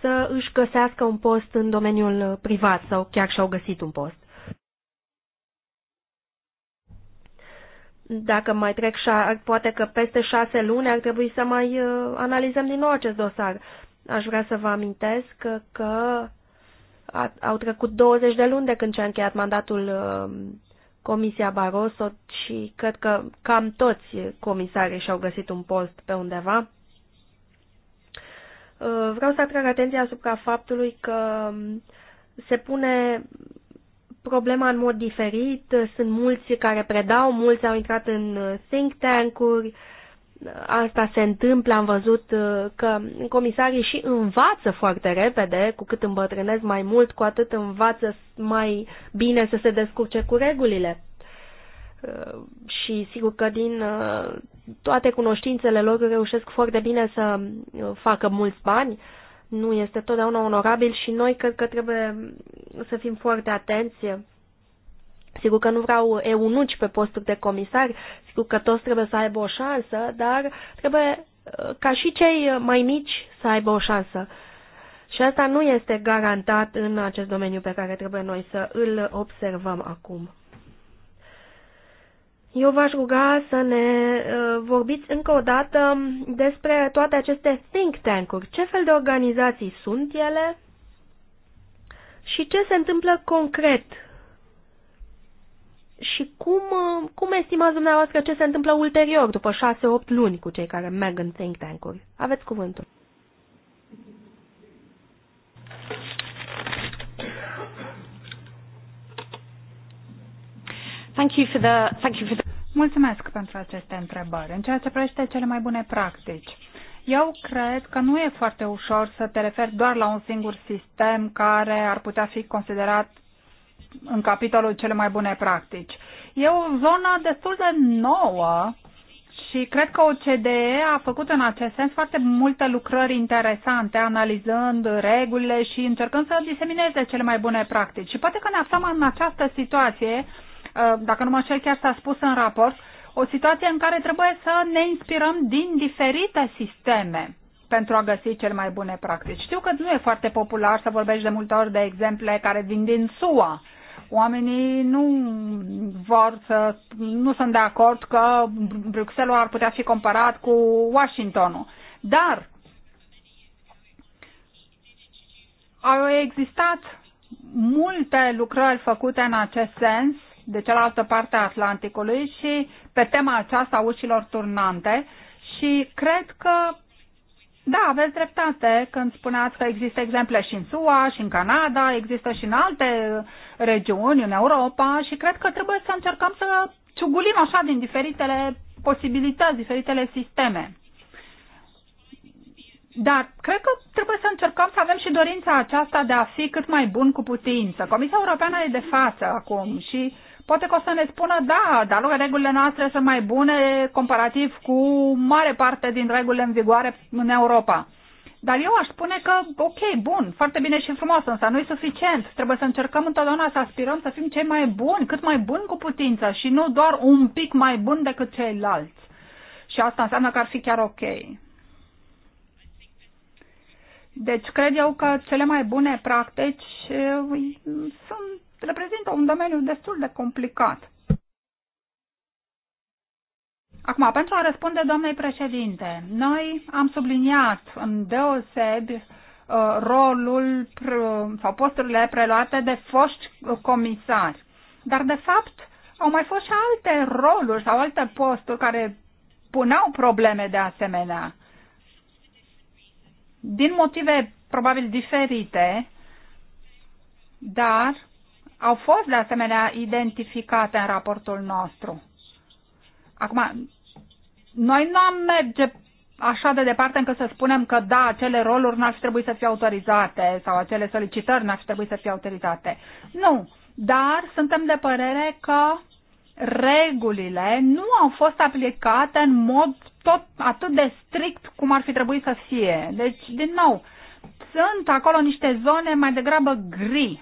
să își găsească un post în domeniul privat sau chiar și-au găsit un post. Dacă mai trec, poate că peste șase luni ar trebui să mai uh, analizăm din nou acest dosar. Aș vrea să vă amintesc că, au trecut 20 de luni de când ce a încheiat mandatul Comisia Barroso și cred că cam toți comisarii și-au găsit un post pe undeva. Uh, vreau să atrag atenția asupra faptului că um, se pune problema în mod diferit. Sunt mulți care predau, mulți au intrat în uh, think tank-uri, asta se întâmplă, am văzut uh, că comisarii și învață foarte repede, cu cât îmbătrânesc mai mult, cu atât învață mai bine să se descurce cu regulile. Uh, și sigur că din uh, toate cunoștințele lor reușesc foarte bine să facă mulți bani, nu este totdeauna onorabil și noi cred că trebuie să fim foarte atenți Sigur că nu vreau eunuci pe posturi de comisar, știu că toți trebuie să aibă o șansă, dar trebuie uh, ca și cei uh, mai mici să aibă o șansă. Și asta nu este garantat în acest domeniu pe care trebuie noi să îl observăm acum. Eu v-aș ruga să ne uh, vorbiți încă o dată despre toate aceste think tank-uri. Ce fel de organizații sunt ele și ce se întâmplă concret cum, uh, cum estimați dumneavoastră ce se întâmplă ulterior, după 6-8 luni, cu cei care merg în think tank-uri? Aveți cuvântul. Thank you for the, thank you for the... Mulțumesc pentru aceste întrebări. În ceea ce privește cele mai bune practici, eu cred că nu e foarte ușor să te referi doar la un singur sistem care ar putea fi considerat în capitolul cele mai bune practici. E o zonă destul de nouă și cred că OCDE a făcut în acest sens foarte multe lucrări interesante, analizând regulile și încercând să disemineze cele mai bune practici. Și poate că ne aflăm în această situație, uh, dacă nu mă știu chiar s-a spus în raport, o situație în care trebuie să ne inspirăm din diferite sisteme pentru a găsi cele mai bune practici. Știu că nu e foarte popular să vorbești de multe ori de exemple care vin din SUA, Oamenii nu vor să, nu sunt de acord că Bruxelles ar putea fi comparat cu Washingtonul. Dar au existat multe lucrări făcute în acest sens de cealaltă parte a Atlanticului și pe tema aceasta a ușilor turnante și cred că da, aveți dreptate când spuneați că există exemple și în SUA, și în Canada, există și în alte regiuni în Europa și cred că trebuie să încercăm să ciugulim așa din diferitele posibilități, diferitele sisteme. Dar cred că trebuie să încercăm să avem și dorința aceasta de a fi cât mai bun cu putință. Comisia Europeană e de față acum și poate că o să ne spună, da, dar regulile noastre sunt mai bune comparativ cu mare parte din regulile în vigoare în Europa. Dar eu aș spune că, ok, bun, foarte bine și frumos, însă nu e suficient. Trebuie să încercăm întotdeauna să aspirăm să fim cei mai buni, cât mai buni cu putință și nu doar un pic mai bun decât ceilalți. Și asta înseamnă că ar fi chiar ok. Deci cred eu că cele mai bune practici eh, sunt, reprezintă un domeniu destul de complicat. Acum, pentru a răspunde doamnei președinte, noi am subliniat în deosebi uh, rolul sau posturile preluate de foști comisari. Dar, de fapt, au mai fost și alte roluri sau alte posturi care puneau probleme de asemenea. Din motive probabil diferite, dar au fost de asemenea identificate în raportul nostru. Acum, noi nu am merge așa de departe încât să spunem că da, acele roluri n-ar fi să fie autorizate sau acele solicitări n-ar fi să fie autorizate. Nu, dar suntem de părere că regulile nu au fost aplicate în mod tot atât de strict cum ar fi trebuit să fie. Deci, din nou, sunt acolo niște zone mai degrabă gri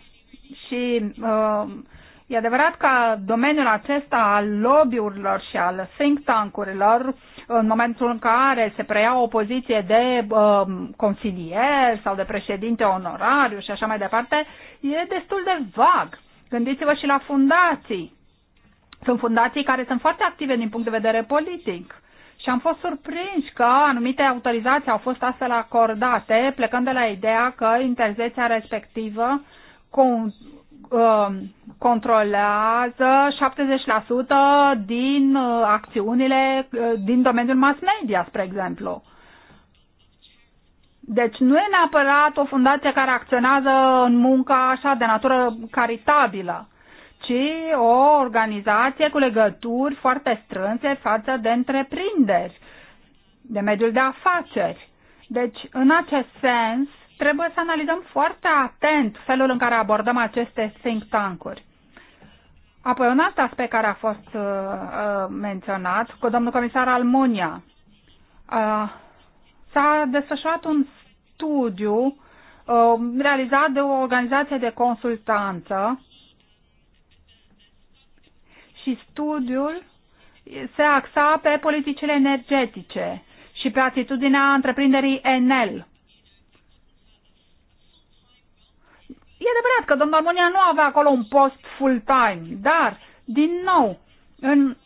și uh, E adevărat că domeniul acesta al lobby-urilor și al think tank-urilor, în momentul în care se preia o poziție de um, consilier sau de președinte onorariu și așa mai departe, e destul de vag. Gândiți-vă și la fundații. Sunt fundații care sunt foarte active din punct de vedere politic. Și am fost surprinși că anumite autorizații au fost astfel acordate, plecând de la ideea că interzecția respectivă Um, controlează 70% din uh, acțiunile uh, din domeniul mass media, spre exemplu. Deci nu e neapărat o fundație care acționează în munca așa de natură caritabilă, ci o organizație cu legături foarte strânse față de întreprinderi, de mediul de afaceri. Deci, în acest sens, trebuie să analizăm foarte atent felul în care abordăm aceste think tank-uri. Apoi un alt aspect care a fost uh, uh, menționat cu domnul comisar Almunia. Uh, s-a desfășurat un studiu uh, realizat de o organizație de consultanță și studiul se axa pe politicile energetice și pe atitudinea întreprinderii Enel E adevărat că domnul Armonia nu avea acolo un post full-time, dar, din nou, în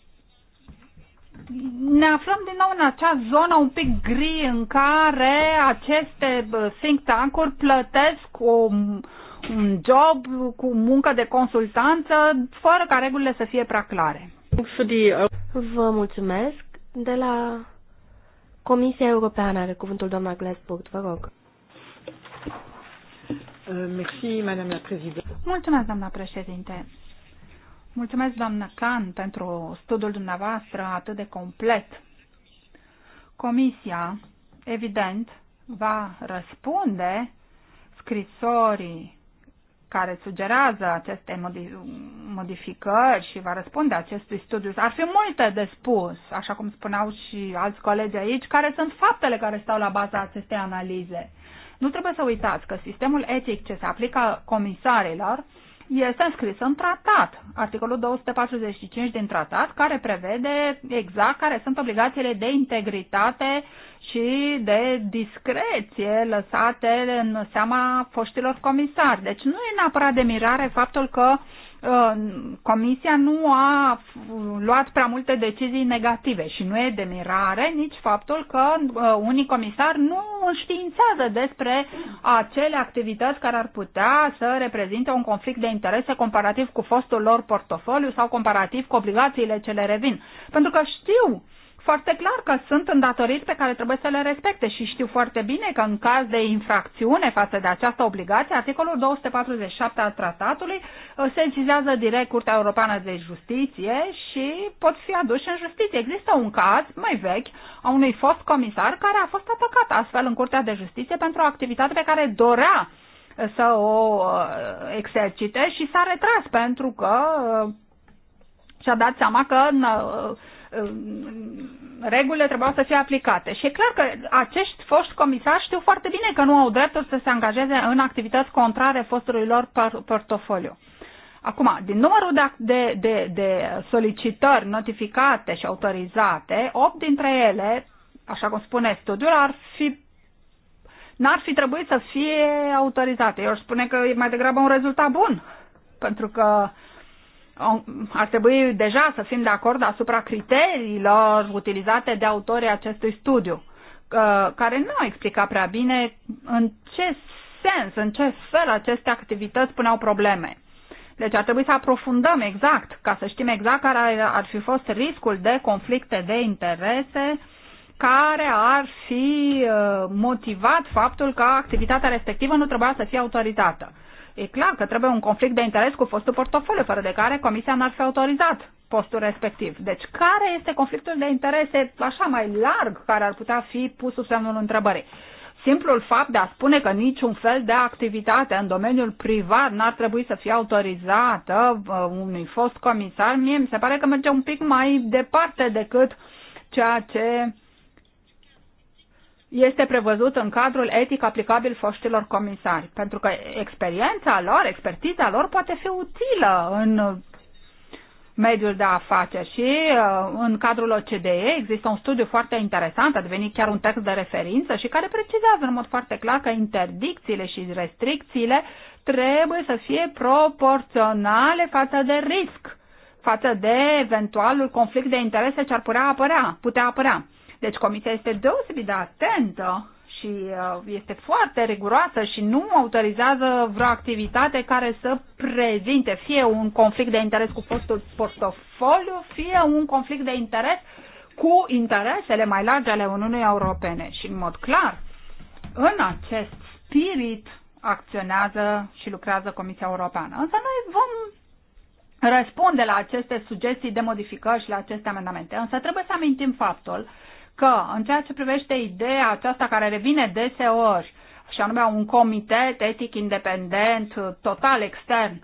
ne aflăm din nou în acea zonă un pic gri în care aceste think tank-uri plătesc o, un job cu muncă de consultanță fără ca regulile să fie prea clare. Uh, vă mulțumesc. De la Comisia Europeană are cuvântul doamna Glasburg, vă rog. Euh, merci, Madame la Présidente. Mulțumesc, doamna președinte. Mulțumesc, doamnă Can, pentru studiul dumneavoastră atât de complet. Comisia, evident, va răspunde scrisorii care sugerează aceste modificări și va răspunde acestui studiu. Ar fi multe de spus, așa cum spuneau și alți colegi aici, care sunt faptele care stau la baza acestei analize. Nu trebuie să uitați că sistemul etic ce se aplică comisarilor este înscris în tratat, articolul 245 din tratat, care prevede exact care sunt obligațiile de integritate și de discreție lăsate în seama foștilor comisari. Deci nu e neapărat de mirare faptul că uh, Comisia nu a luat prea multe decizii negative și nu e de mirare nici faptul că uh, unii comisari nu înștiințează despre acele activități care ar putea să reprezinte un conflict de interese comparativ cu fostul lor portofoliu sau comparativ cu obligațiile ce le revin. Pentru că știu foarte clar că sunt îndatoriri pe care trebuie să le respecte și știu foarte bine că în caz de infracțiune față de această obligație, articolul 247 al tratatului uh, sensizează direct Curtea Europeană de Justiție și pot fi aduși în justiție. Există un caz mai vechi a unui fost comisar care a fost atacat astfel în Curtea de Justiție pentru o activitate pe care dorea uh, să o uh, exercite și s-a retras pentru că și-a dat seama că Um, regulile trebuiau să fie aplicate. Și e clar că acești foști comisari știu foarte bine că nu au dreptul să se angajeze în activități contrare fostului lor portofoliu. Acum, din numărul de, de, de, de solicitări notificate și autorizate, 8 dintre ele, așa cum spune studiul, ar fi n-ar fi trebuit să fie autorizate. Eu aș spune că e mai degrabă un rezultat bun, pentru că ar trebui deja să fim de acord asupra criteriilor utilizate de autorii acestui studiu, care nu au explicat prea bine în ce sens, în ce fel aceste activități puneau probleme. Deci ar trebui să aprofundăm exact, ca să știm exact care ar fi fost riscul de conflicte de interese care ar fi uh, motivat faptul că activitatea respectivă nu trebuia să fie autorizată. E clar că trebuie un conflict de interes cu fostul portofoliu, fără de care Comisia n-ar fi autorizat postul respectiv. Deci care este conflictul de interese așa mai larg care ar putea fi pus sub semnul întrebării? Simplul fapt de a spune că niciun fel de activitate în domeniul privat n-ar trebui să fie autorizată uh, unui fost comisar, mie mi se pare că merge un pic mai departe decât ceea ce uh, este prevăzut în cadrul etic aplicabil foștilor comisari, pentru că experiența lor, expertiza lor poate fi utilă în mediul de afaceri și uh, în cadrul OCDE există un studiu foarte interesant, a devenit chiar un text de referință și care precizează în mod foarte clar că interdicțiile și restricțiile trebuie să fie proporționale față de risc, față de eventualul conflict de interese ce ar putea apărea. Putea apărea. Deci comisia este deosebit de atentă și uh, este foarte riguroasă și nu autorizează vreo activitate care să prezinte fie un conflict de interes cu postul portofoliu, fie un conflict de interes cu interesele mai largi ale Uniunii Europene. Și în mod clar, în acest spirit acționează și lucrează Comisia Europeană. Însă noi vom răspunde la aceste sugestii de modificări și la aceste amendamente. Însă trebuie să amintim faptul că în ceea ce privește ideea aceasta care revine deseori, și anume un comitet etic independent, total extern,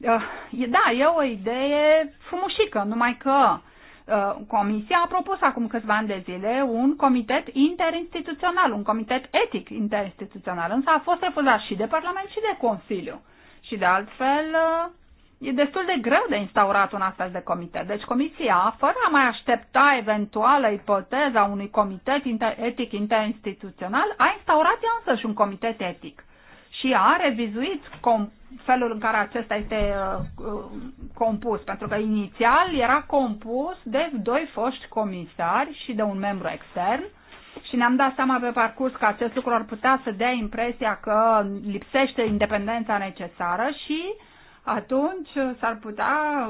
eh, da, e o idee frumușică, numai că eh, Comisia a propus acum câțiva ani de zile un comitet interinstituțional, un comitet etic interinstituțional, însă a fost refuzat și de Parlament și de Consiliu. Și de altfel, eh, e destul de greu de instaurat un astfel de comitet. Deci comisia, fără a mai aștepta eventuală ipoteza unui comitet inter- etic interinstituțional, a instaurat ea însăși un comitet etic și a revizuit felul în care acesta este uh, uh, compus, pentru că inițial era compus de doi foști comisari și de un membru extern și ne-am dat seama pe parcurs că acest lucru ar putea să dea impresia că lipsește independența necesară și uh, atunci uh, s-ar putea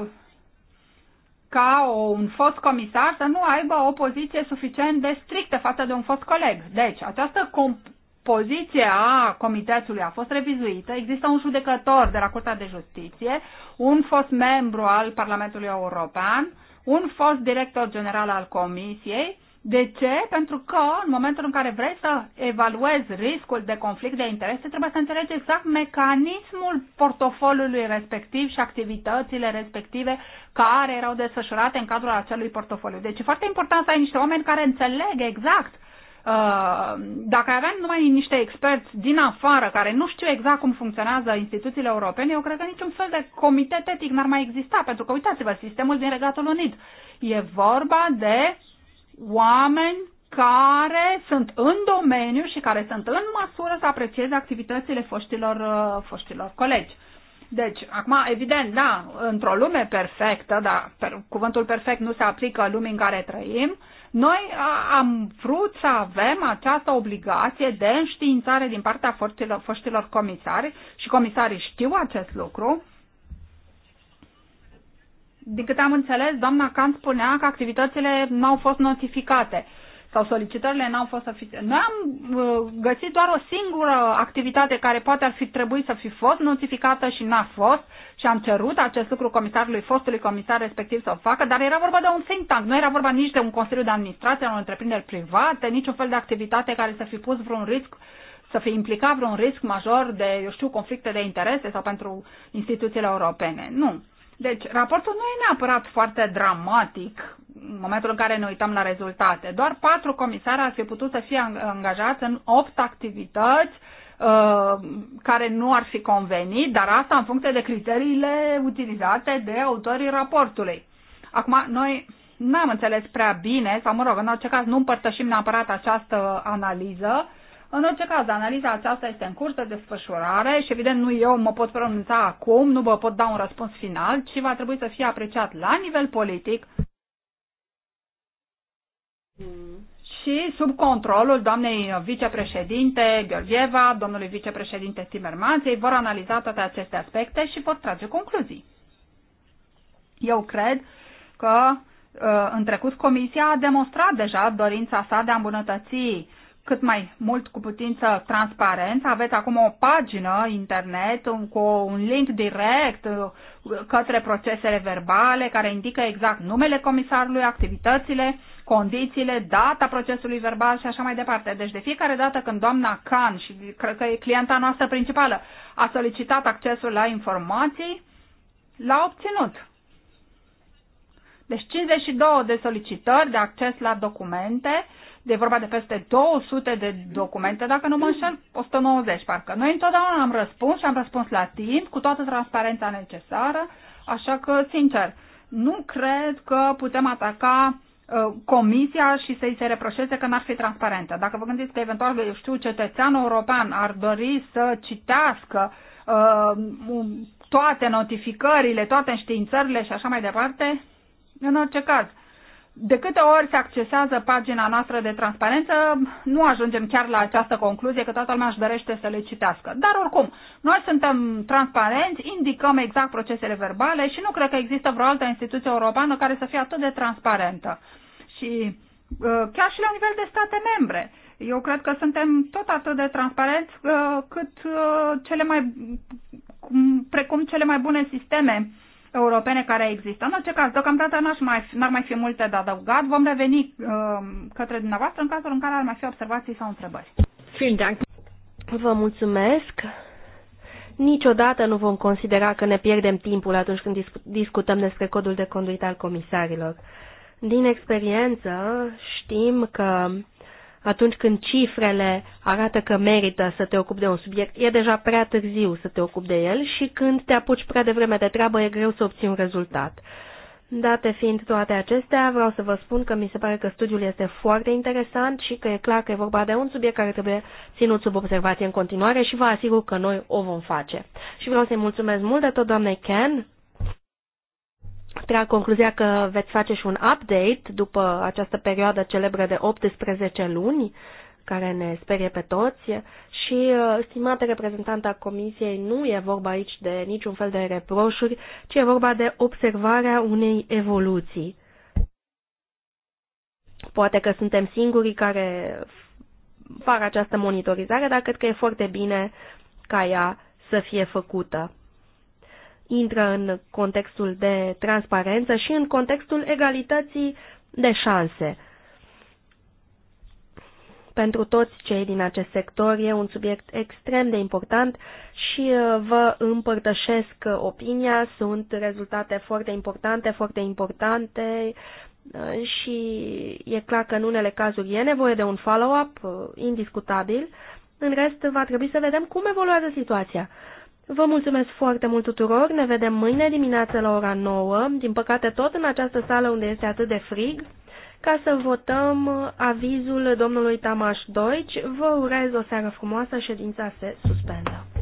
ca o, un fost comisar să nu aibă o poziție suficient de strictă față de un fost coleg. Deci, această poziție a comitetului a fost revizuită. Există un judecător de la Curtea de Justiție, un fost membru al Parlamentului European, un fost director general al Comisiei de ce? Pentru că în momentul în care vrei să evaluezi riscul de conflict de interese, trebuie să înțelegi exact mecanismul portofoliului respectiv și activitățile respective care erau desfășurate în cadrul acelui portofoliu. Deci e foarte important să ai niște oameni care înțeleg exact uh, dacă avem numai niște experți din afară care nu știu exact cum funcționează instituțiile europene, eu cred că niciun fel de comitet etic n-ar mai exista, pentru că uitați-vă, sistemul din Regatul Unit e vorba de oameni care sunt în domeniu și care sunt în măsură să aprecieze activitățile foștilor, uh, foștilor colegi. Deci, acum, evident, da, într-o lume perfectă, dar per, cuvântul perfect nu se aplică lumii în care trăim, noi a, am vrut să avem această obligație de înștiințare din partea foștilor, foștilor comisari și comisarii știu acest lucru din câte am înțeles, doamna Can spunea că activitățile nu au fost notificate sau solicitările n-au fost oficiale. Noi am uh, găsit doar o singură activitate care poate ar fi trebuit să fi fost notificată și n-a fost și am cerut acest lucru comisarului, fostului comisar respectiv să o facă, dar era vorba de un think tank, nu era vorba nici de un consiliu de administrație, un întreprinderi private, niciun fel de activitate care să fi pus vreun risc să fie implicat vreun risc major de, eu știu, conflicte de interese sau pentru instituțiile europene. Nu. Deci, raportul nu e neapărat foarte dramatic în momentul în care ne uităm la rezultate. Doar patru comisari ar fi putut să fie angajați în opt activități uh, care nu ar fi convenit, dar asta în funcție de criteriile utilizate de autorii raportului. Acum, noi n-am înțeles prea bine, sau mă rog, în orice caz nu împărtășim neapărat această analiză, uh, în orice caz, analiza aceasta este în curs de desfășurare și evident nu eu mă pot pronunța acum, nu vă pot da un răspuns final, ci va trebui să fie apreciat la nivel politic și sub controlul doamnei vicepreședinte Gheorgheva, domnului vicepreședinte Timmermans, ei vor analiza toate aceste aspecte și vor trage concluzii. Eu cred că uh, în trecut Comisia a demonstrat deja dorința sa de a îmbunătăți cât mai mult cu putință transparență. Aveți acum o pagină internet cu un link direct uh, către procesele verbale care indică exact numele comisarului, activitățile, condițiile, data procesului verbal și așa mai departe. Deci de fiecare dată când doamna Can și cred că e clienta noastră principală a solicitat accesul la informații, l-a obținut. Deci 52 de solicitări de acces la documente de vorba de peste 200 de documente, dacă nu mă înșel, 190 parcă. Noi întotdeauna am răspuns și am răspuns la timp, cu toată transparența necesară, așa că, sincer, nu cred că putem ataca ă, comisia și să-i se reproșeze că n-ar fi transparentă. Dacă vă gândiți că eventual, eu știu, cetățeanul european ar dori să citească uh, toate notificările, toate înștiințările și așa mai departe, în orice caz, uh, de câte ori se accesează pagina noastră de transparență, nu ajungem chiar la această concluzie, că toată lumea își dorește să le citească. Dar oricum, noi suntem transparenți, indicăm exact procesele verbale și nu cred că există vreo altă instituție europeană care să fie atât de transparentă. Și uh, chiar și la nivel de state membre. Eu cred că suntem tot atât de transparenți uh, cât uh, cele mai, precum cele mai bune sisteme europene care există. În orice caz, deocamdată n-ar mai, n-ar mai fi multe de adăugat. Vom reveni uh, către dumneavoastră în cazul în care ar mai fi observații sau întrebări. Vă mulțumesc. Niciodată nu vom considera că ne pierdem timpul atunci când discutăm despre codul de conduită al comisarilor. Din experiență știm că atunci când cifrele arată că merită să te ocupi de un subiect, e deja prea târziu să te ocupi de el și când te apuci prea devreme de treabă, e greu să obții un rezultat. Date fiind toate acestea, vreau să vă spun că mi se pare că studiul este foarte interesant și că e clar că e vorba de un subiect care trebuie ținut sub observație în continuare și vă asigur că noi o vom face. Și vreau să-i mulțumesc mult de tot doamnei Ken trag concluzia că veți face și un update după această perioadă celebră de 18 luni, care ne sperie pe toți și, uh, stimată reprezentanta Comisiei, nu e vorba aici de niciun fel de reproșuri, ci e vorba de observarea unei evoluții. Poate că suntem singurii care fac această monitorizare, dar cred că e foarte bine ca ea să fie făcută intră în contextul de transparență și în contextul egalității de șanse. Pentru toți cei din acest sector e un subiect extrem de important și uh, vă împărtășesc opinia. Sunt rezultate foarte importante, foarte importante uh, și e clar că în unele cazuri e nevoie de un follow-up uh, indiscutabil. În rest, va trebui să vedem cum evoluează situația. Vă mulțumesc foarte mult tuturor, ne vedem mâine dimineață la ora 9, din păcate tot în această sală unde este atât de frig, ca să votăm avizul domnului Tamaș Deutsch. Vă urez o seară frumoasă, ședința se suspendă.